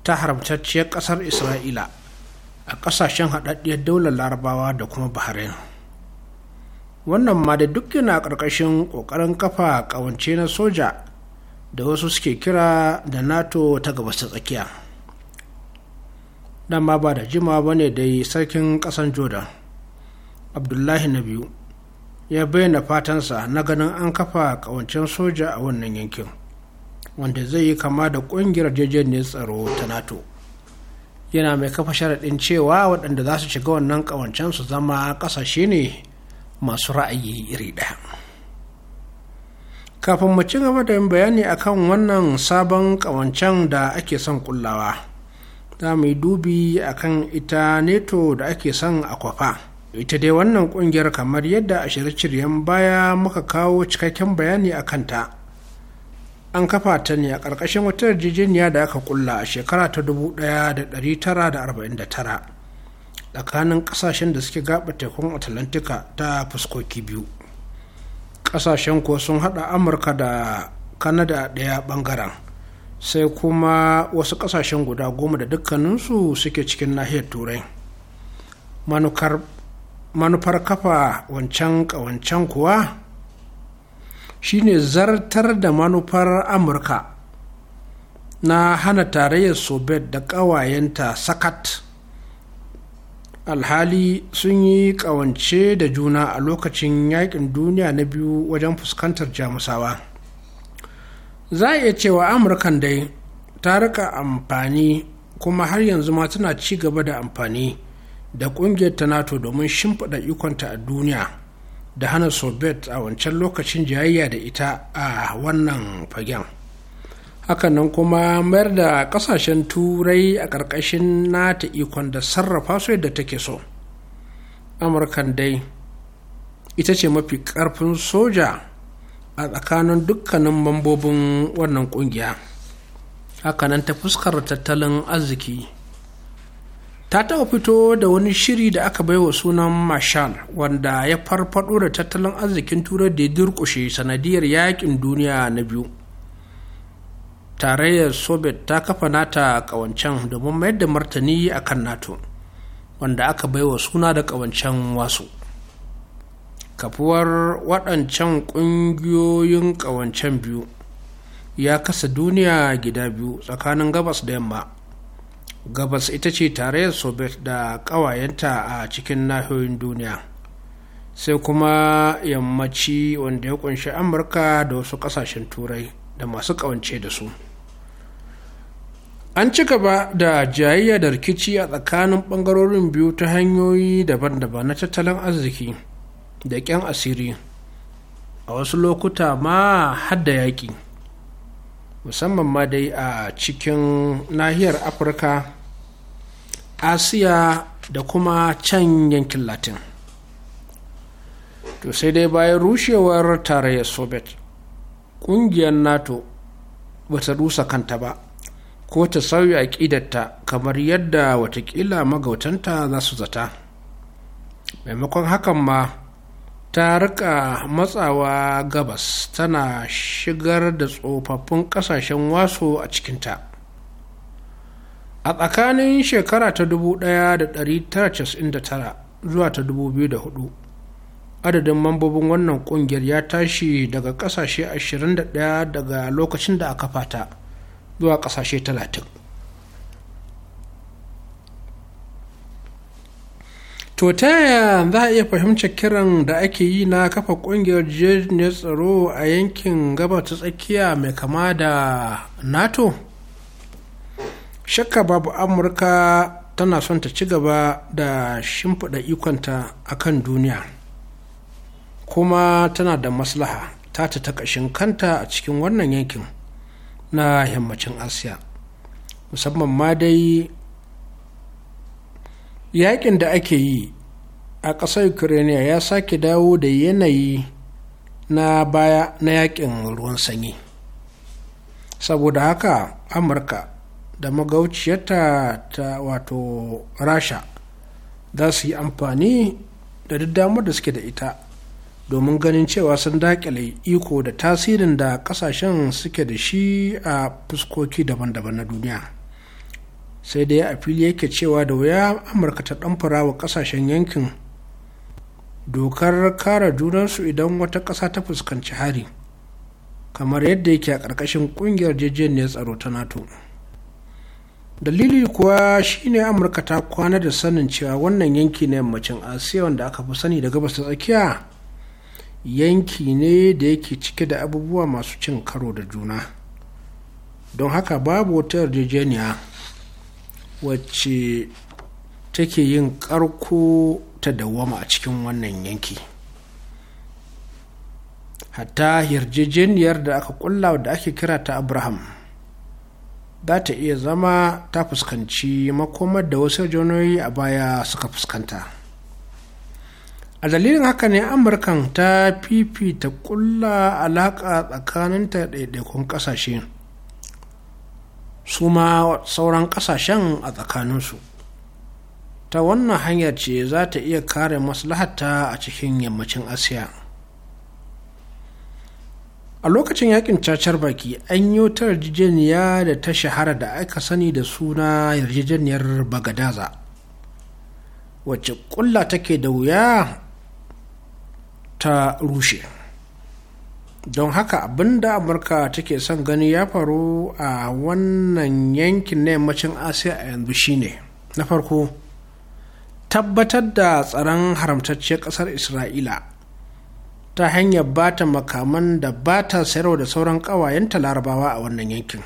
Speaker 11: ta haramtacciyar ƙasar isra'ila a ƙasashen haɗaɗɗiyar daular larabawa da kuma bahrain wannan ma da duk yana ƙarƙashin ƙoƙarin kafa ƙawance na soja da wasu suke kira da nato ta gabas ta tsakiya dan ma ba da jima ba ne dai sarkin ƙasan jordan abdullahi na biyu ya bayyana fatansa na ganin an kafa ƙawancen soja a wannan yankin wanda zai yi kama da ƙungiyar jejeniyar tsaro ta nato yana mai kafa sharaɗin cewa waɗanda za su shiga wannan ƙawancen su zama ƙasashe ne masu ra'ayi iri ɗaya kafin mu ci gaba da yin bayani akan wannan sabon ƙawancen da ake son kullawa za mu yi dubi kan ita neto da ake son a kwafa ita dai wannan kungiyar kamar yadda a shirye-shiryen baya muka kawo cikakken bayani a kanta an kafa ta ne a ƙarƙashin wata yarjejeniya da aka kulla a shekara ta dubu ɗaya da da da ɗari tara arba'in tara. tsakanin ƙasashen da suke gaba tekun atlantika ta fuskoki biyu ƙasashen kuwa sun haɗa amurka da kanada ɗaya ɓangaren sai kuma wasu ƙasashen guda goma da dukkaninsu suke cikin nahiyar turai manufar kafa wancan ƙawancen kuwa shine zartar da manufar amurka na hana tarayyar soviet da ƙawayenta sakat alhali sun yi ƙawance da juna a lokacin yakin duniya na biyu wajen fuskantar jamusawa za a iya cewa amurkan dai ta rika amfani kuma har yanzu ma tana ci gaba da amfani da kungiyar ta nato domin shimfiɗa ikonta a duniya da hana soviet a wancan lokacin jayayya da ita a wannan fagen nan kuma mayar da kasashen turai a ƙarƙashin nata ikon da sarrafa su yadda take so amurkan dai ita ce mafi ƙarfin soja a tsakanin dukkanin mambobin wannan kungiya hakanan ta fuskar tattalin arziki ta taɓa fito da wani shiri da aka baiwa sunan marshal wanda ya farfaɗo da tattalin arzikin turai da ya durƙushe sanadiyar yakin duniya na biyu tarayyar soviet ta kafa nata ƙawancen domin mayar da martani a kan nato wanda aka baiwa suna da ƙawancen wasu kafuwar waɗancan ƙungiyoyin ƙawancen biyu ya kasa duniya gida biyu tsakanin gabas da yamma gabas ita ce tare tarayyar soviet da ƙawayenta a cikin nahiyoyin duniya sai kuma yammaci wanda ya kunshi amurka da wasu ƙasashen turai da masu ƙawance da su an ci gaba da jayayya da rikici a tsakanin ɓangarorin biyu ta hanyoyi daban-daban na tattalin arziki da ƙyan asiri a wasu lokuta ma hadda yaƙi musamman ma dai a cikin nahiyar afirka asiya da kuma can yankin latin to sai dai bayan rushewar tarayyar soviet ƙungiyar nato ba ta rusa kanta ba ko ta sauya ƙidata kamar yadda watakila magautanta za su zata maimakon hakan ma ta rika matsawa gabas tana shigar da tsofaffin kasashen wasu a cikinta a tsakanin shekara ta 1999 zuwa ta 2004 adadin mambobin wannan kungiyar ya tashi daga kasashe 21 daga lokacin da aka fata zuwa kasashe 30 to ta yaya za a iya fahimtar kiran da ake yi na kafa kungiyar jirgin tsaro a yankin gabar ta tsakiya mai kama da nato shakka babu amurka tana son ta ci gaba da shimfiɗa ikonta a kan duniya kuma tana da maslaha ta ta ta ƙashin kanta a cikin wannan yankin na yammacin asiya musamman ma dai yakin da ake yi a ƙasar ukraine ya sake dawo da yanayi na baya na yakin ruwan sanyi saboda haka amurka da magauciyarta ta wato rasha za su yi amfani da duk damar da suke da ita domin ganin cewa sun dakile iko da tasirin da kasashen suke da shi a fuskoki daban-daban na duniya. sai dai a fili yake cewa da wuya amurka ta ɗan wa ƙasashen yankin dokar kare junansu idan wata ƙasa ta fuskanci hari kamar yadda yake a ƙarƙashin ƙungiyar ne tsaro ta nato dalili kuwa shine amurka ta kwana da sanin cewa wannan yanki na yammacin asiya wanda aka fi sani da gabas ta tsakiya yanki ne da yake cike da abubuwa masu cin karo da juna don haka babu wata yarjejeniya wacce take yin karko ta dawama a cikin wannan yanki hatta yarjejeniyar da aka kulla da ake kira ta abraham za ta iya zama ta fuskanci makomar da wasu jonoyi a baya suka fuskanta a dalilin haka ne amurkan ta fifita kulla alaƙa tsakaninta ɗaiɗaikun ƙasashe su ma sauran ƙasashen a tsakaninsu ta wannan hanyar ce za ta iya kare maslahata a cikin yammacin asiya a lokacin yakin cacar baki an yi wata yarjejeniya da ta shahara da aka sani da suna yarjejeniyar bagadaza wacce kulla take da wuya ta rushe don haka abinda da amurka take son gani ya faru a wannan yankin na yammacin asiya a yanzu shine na farko tabbatar da tsaron haramtacciyar ƙasar isra'ila ta hanyar bata makaman da bata ta sayarwa da sauran ƙawayenta larabawa a wannan yankin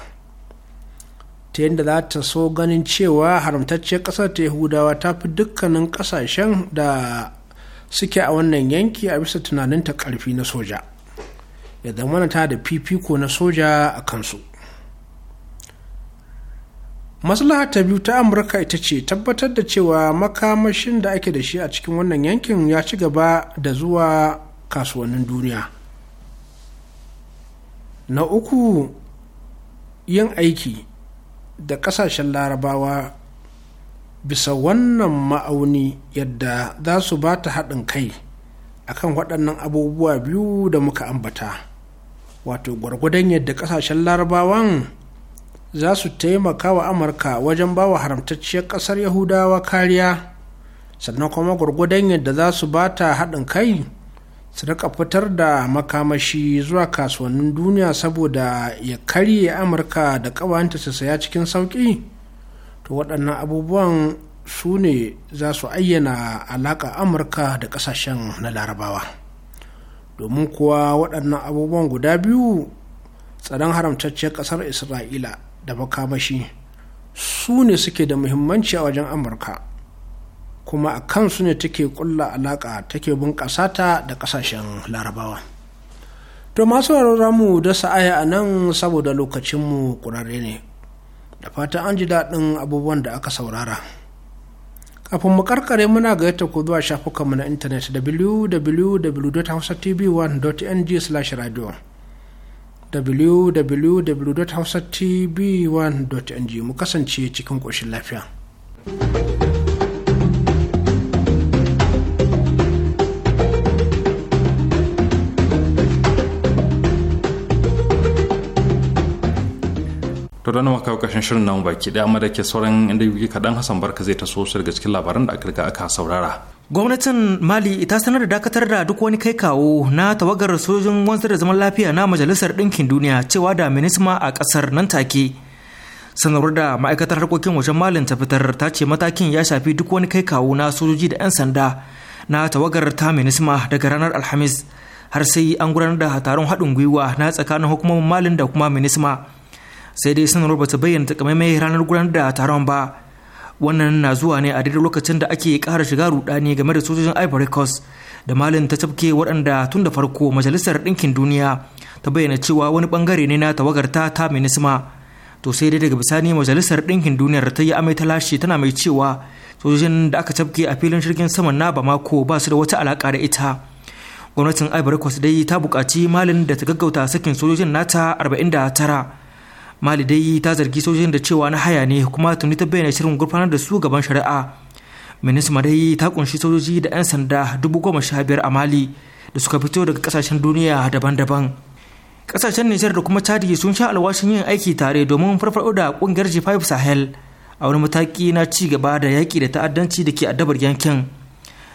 Speaker 11: ta yadda za ta so ganin cewa haramtacciyar ƙasar ta yahudawa ta fi dukkanin ƙasashen da suke a wannan yanki a bisa tunaninta karfi na soja. ya zamana ta da fifiko na soja a kansu maslaha ta biyu ta amurka ita ce tabbatar da cewa makamashin da ake da shi a cikin wannan yankin ya ci gaba da zuwa kasuwannin duniya na uku yin aiki da kasashen larabawa bisa wannan ma'auni yadda za su ba ta haɗin kai akan waɗannan abubuwa biyu da muka ambata. wato gwargwadon yadda kasashen larabawan za su taimaka wa amurka wajen ba wa haramtacciyar kasar yahudawa kariya sannan kuma gwargwadon yadda za su ba ta haɗin kai su rika fitar da makamashi zuwa kasuwannin duniya saboda ya karye amurka da kawanta su saya cikin sauƙi to waɗannan abubuwan su ne za su ayyana alaƙa amurka da ƙasashen na larabawa. domin kuwa waɗannan abubuwan guda biyu tsaron haramtacciyar ƙasar isra'ila da makamashi su ne suke da muhimmanci a wajen amurka kuma a kansu ne take kulla alaƙa take bunƙasa ta da ƙasashen larabawa to masu mu da sa'aya a nan saboda lokacinmu ƙurare ne da fata an ji daɗin abubuwan da aka saurara. kafin mu karkare muna ga yadda ku zuwa shafukanmu na intanet www.hausatv1.ng/radio www.hausatv1.ng mu kasance cikin ƙoshin lafiya. thank you
Speaker 1: to da nan kashin shirin nan baki daya amma da ke sauran inda yuki kaɗan hassan barka zai taso su daga cikin labaran da aka riga aka saurara
Speaker 2: gwamnatin mali ta sanar da dakatar da duk wani kai kawo na tawagar sojin wanzar da zaman lafiya na majalisar ɗinkin duniya cewa da minisma a ƙasar nan take sanarwar da ma'aikatar harkokin wajen malin ta fitar ta ce matakin ya shafi duk wani kai kawo na sojoji da 'yan sanda na tawagar ta minisma daga ranar alhamis har sai an gudanar da taron haɗin gwiwa na tsakanin hukumomin malin da kuma minisma sai dai sanarwar bata bayyana takamaimai ranar gudanar da taron ba wannan na zuwa ne a daidai lokacin da ake kara shiga rudani game da sojojin ivory coast da malin ta tafke waɗanda tun da farko majalisar ɗinkin duniya ta bayyana cewa wani bangare ne na tawagarta ta minisma to sai dai daga bisani majalisar ɗinkin duniyar ta yi amai ta lashe tana mai cewa sojojin da aka tafke a filin jirgin saman na bamako ba su da wata alaƙa da ita gwamnatin ivory coast dai ta buƙaci malin da ta gaggauta sakin sojojin nata arba'in da tara mali dai ta zargi sojojin da cewa na haya ne kuma tuni ta bayyana shirin gurfanar da su gaban shari'a minisma dai ta kunshi sojoji da 'yan sanda dubu goma sha biyar a mali da suka fito daga kasashen duniya daban-daban kasashen nijar da kuma chadi sun sha alwashin yin aiki tare domin farfaɗo da kungiyar g5 sahel a wani mataki na ci gaba da yaƙi da ta'addanci da ke addabar yankin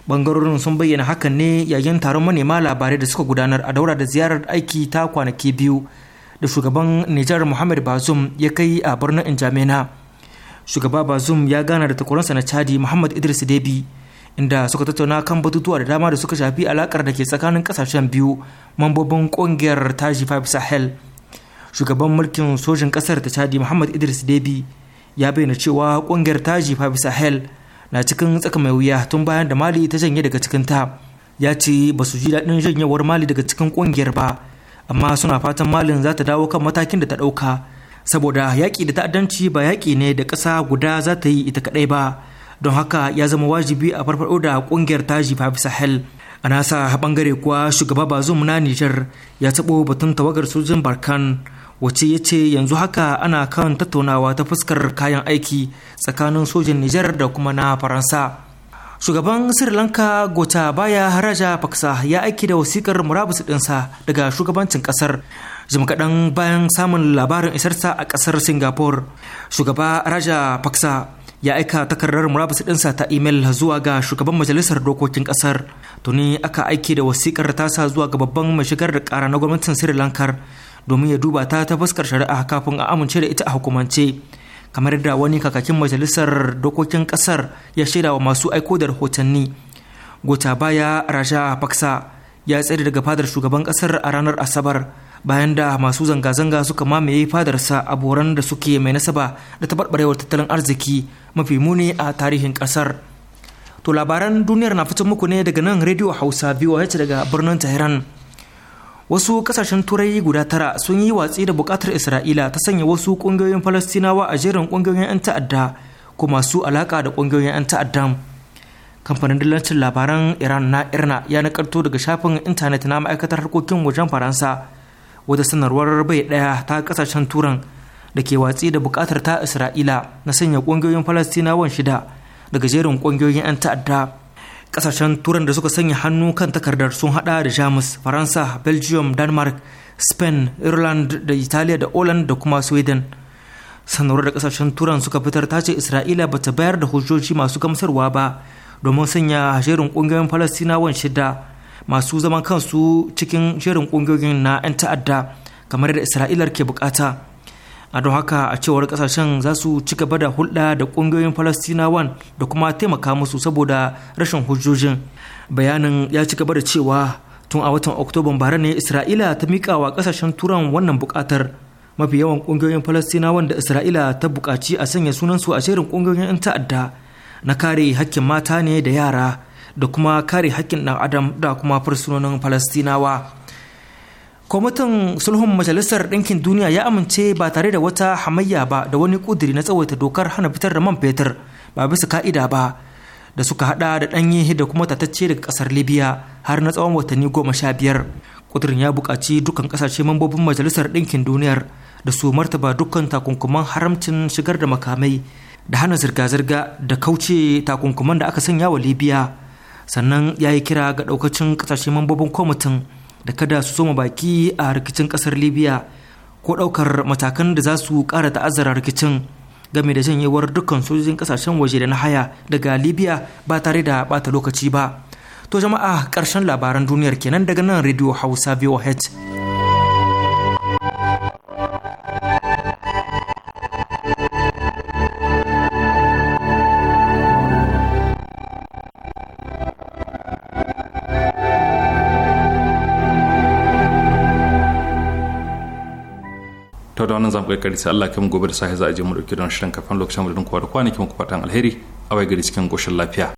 Speaker 2: bangarorin sun bayyana hakan ne yayin taron manema labarai da suka gudanar a daura da ziyarar aiki ta kwanaki biyu da shugaban Nijar Muhammad Bazoum ya kai a birnin Injamena. Shugaba Bazoum ya gana da takwaransa na Chadi Muhammad Idris Debi inda suka tattauna kan batutuwa da dama da suka shafi alakar da ke tsakanin kasashen biyu mambobin kungiyar Taji 5 Sahel. Shugaban mulkin sojin kasar ta Chadi Muhammad Idris Debi ya bayyana cewa kungiyar Taji 5 Sahel na cikin tsaka mai wuya tun bayan da Mali ta janye daga cikin ta. Ya ce ba su ji daɗin janyewar Mali daga cikin ƙungiyar ba amma suna fatan malin za ta dawo kan matakin da ta dauka saboda yaƙi da ta'addanci ba yaƙi ne da ƙasa guda za ta yi ita kaɗai ba don haka ya zama wajibi a farfaɗo da ƙungiyar taji fafi sahel a nasa bangare kuwa shugaba bazum na nijar ya taɓo batun tawagar sojin barkan wace ya ce yanzu haka ana kan tattaunawa ta fuskar kayan aiki tsakanin sojin nijar da kuma na faransa shugaban sri lanka baya raja paksa ya aiki da wasikar murabus ɗinsa daga shugabancin ƙasar jim kaɗan bayan samun labarin isarsa a ƙasar singapore shugaba raja paksa ya aika takardar murabus ɗinsa ta imel zuwa ga shugaban majalisar dokokin ƙasar tuni aka aiki da wasikar tasa zuwa ga babban mai shigar da ƙara na gwamnatin sri lankar domin ya duba ta ta fuskar shari'a kafin a amince da ita a hukumance kamar da wani kakakin majalisar dokokin kasar ya shaida wa masu aiko da rahotanni gota baya raja paksa ya tsere daga fadar shugaban kasar a ranar asabar bayan da masu zanga-zanga suka mamaye fadarsa a boran da suke mai nasaba da tabarbarewar tattalin arziki mafi muni a tarihin kasar. To labaran duniyar na fito muku ne daga nan rediyo Hausa VOH daga birnin Tehran. wasu kasashen turai guda tara sun yi watsi da bukatar isra'ila ta sanya wasu kungiyoyin falastinawa a jerin kungiyoyin 'yan ta'adda ko masu alaka da kungiyoyin 'yan ta'adda kamfanin dillancin labaran iran na irna ya nakarto daga shafin intanet na ma'aikatar harkokin wajen faransa wata sanarwar bai daya ta kasashen turan da ke watsi da bukatar ta isra'ila na sanya kungiyoyin falastinawan shida daga jerin kungiyoyin 'yan ta'adda kasashen turan da suka sanya hannu kan takardar sun hada da jamus faransa belgium denmark spain ireland da italiya da oland da kuma sweden sanarwar da kasashen turan suka fitar ta ce isra'ila ba ta bayar da hujjoji masu gamsarwa ba domin sanya shirin kungiyoyin falastinawan shida masu zaman kansu cikin shirin kungiyoyin na 'yan ta'adda kamar da isra'ilar ke bukata a don haka a cewar kasashen za su ci gaba da hulɗa da ƙungiyoyin falastinawan da kuma taimaka musu saboda rashin hujjojin bayanin ya ci gaba da cewa tun a watan oktoban bara ne isra'ila ta miƙa wa kasashen turan wannan buƙatar mafi yawan ƙungiyoyin falastinawan da isra'ila ta buƙaci a sanya sunansu a jerin ƙungiyoyin 'yan ta'adda na kare hakkin mata ne da yara da kuma kare hakkin ɗan adam da kuma fursunonin falastinawa kwamitin sulhun majalisar ɗinkin duniya ya amince ba tare da wata hamayya ba da wani ƙudiri na tsawaita dokar hana fitar da man fetur ba bisa ka'ida ba da suka haɗa da ɗanye da kuma tatacce daga ƙasar libya har na tsawon watanni goma sha biyar ƙudirin ya buƙaci dukkan ƙasashe mambobin majalisar ɗinkin duniyar da su martaba dukkan takunkuman haramcin shigar da makamai da hana zirga-zirga da kauce takunkuman da aka sanya wa libya sannan ya yi kira ga ɗaukacin ƙasashe mambobin kwamitin da kada su soma baki a rikicin kasar libya ko daukar matakan da za su kara ta'azzara rikicin game da janyewar dukkan sojojin kasashen waje da na haya daga libya ba tare da bata lokaci ba to jama'a ƙarshen labaran duniyar kenan daga nan radio hausa voh
Speaker 1: sauraro nan zamu kai sai Allah kai mu gobe da sahi za a je mu dauki don shirin kafin lokacin mu da kowa da kwanaki muku fatan alheri a wai gari cikin koshin lafiya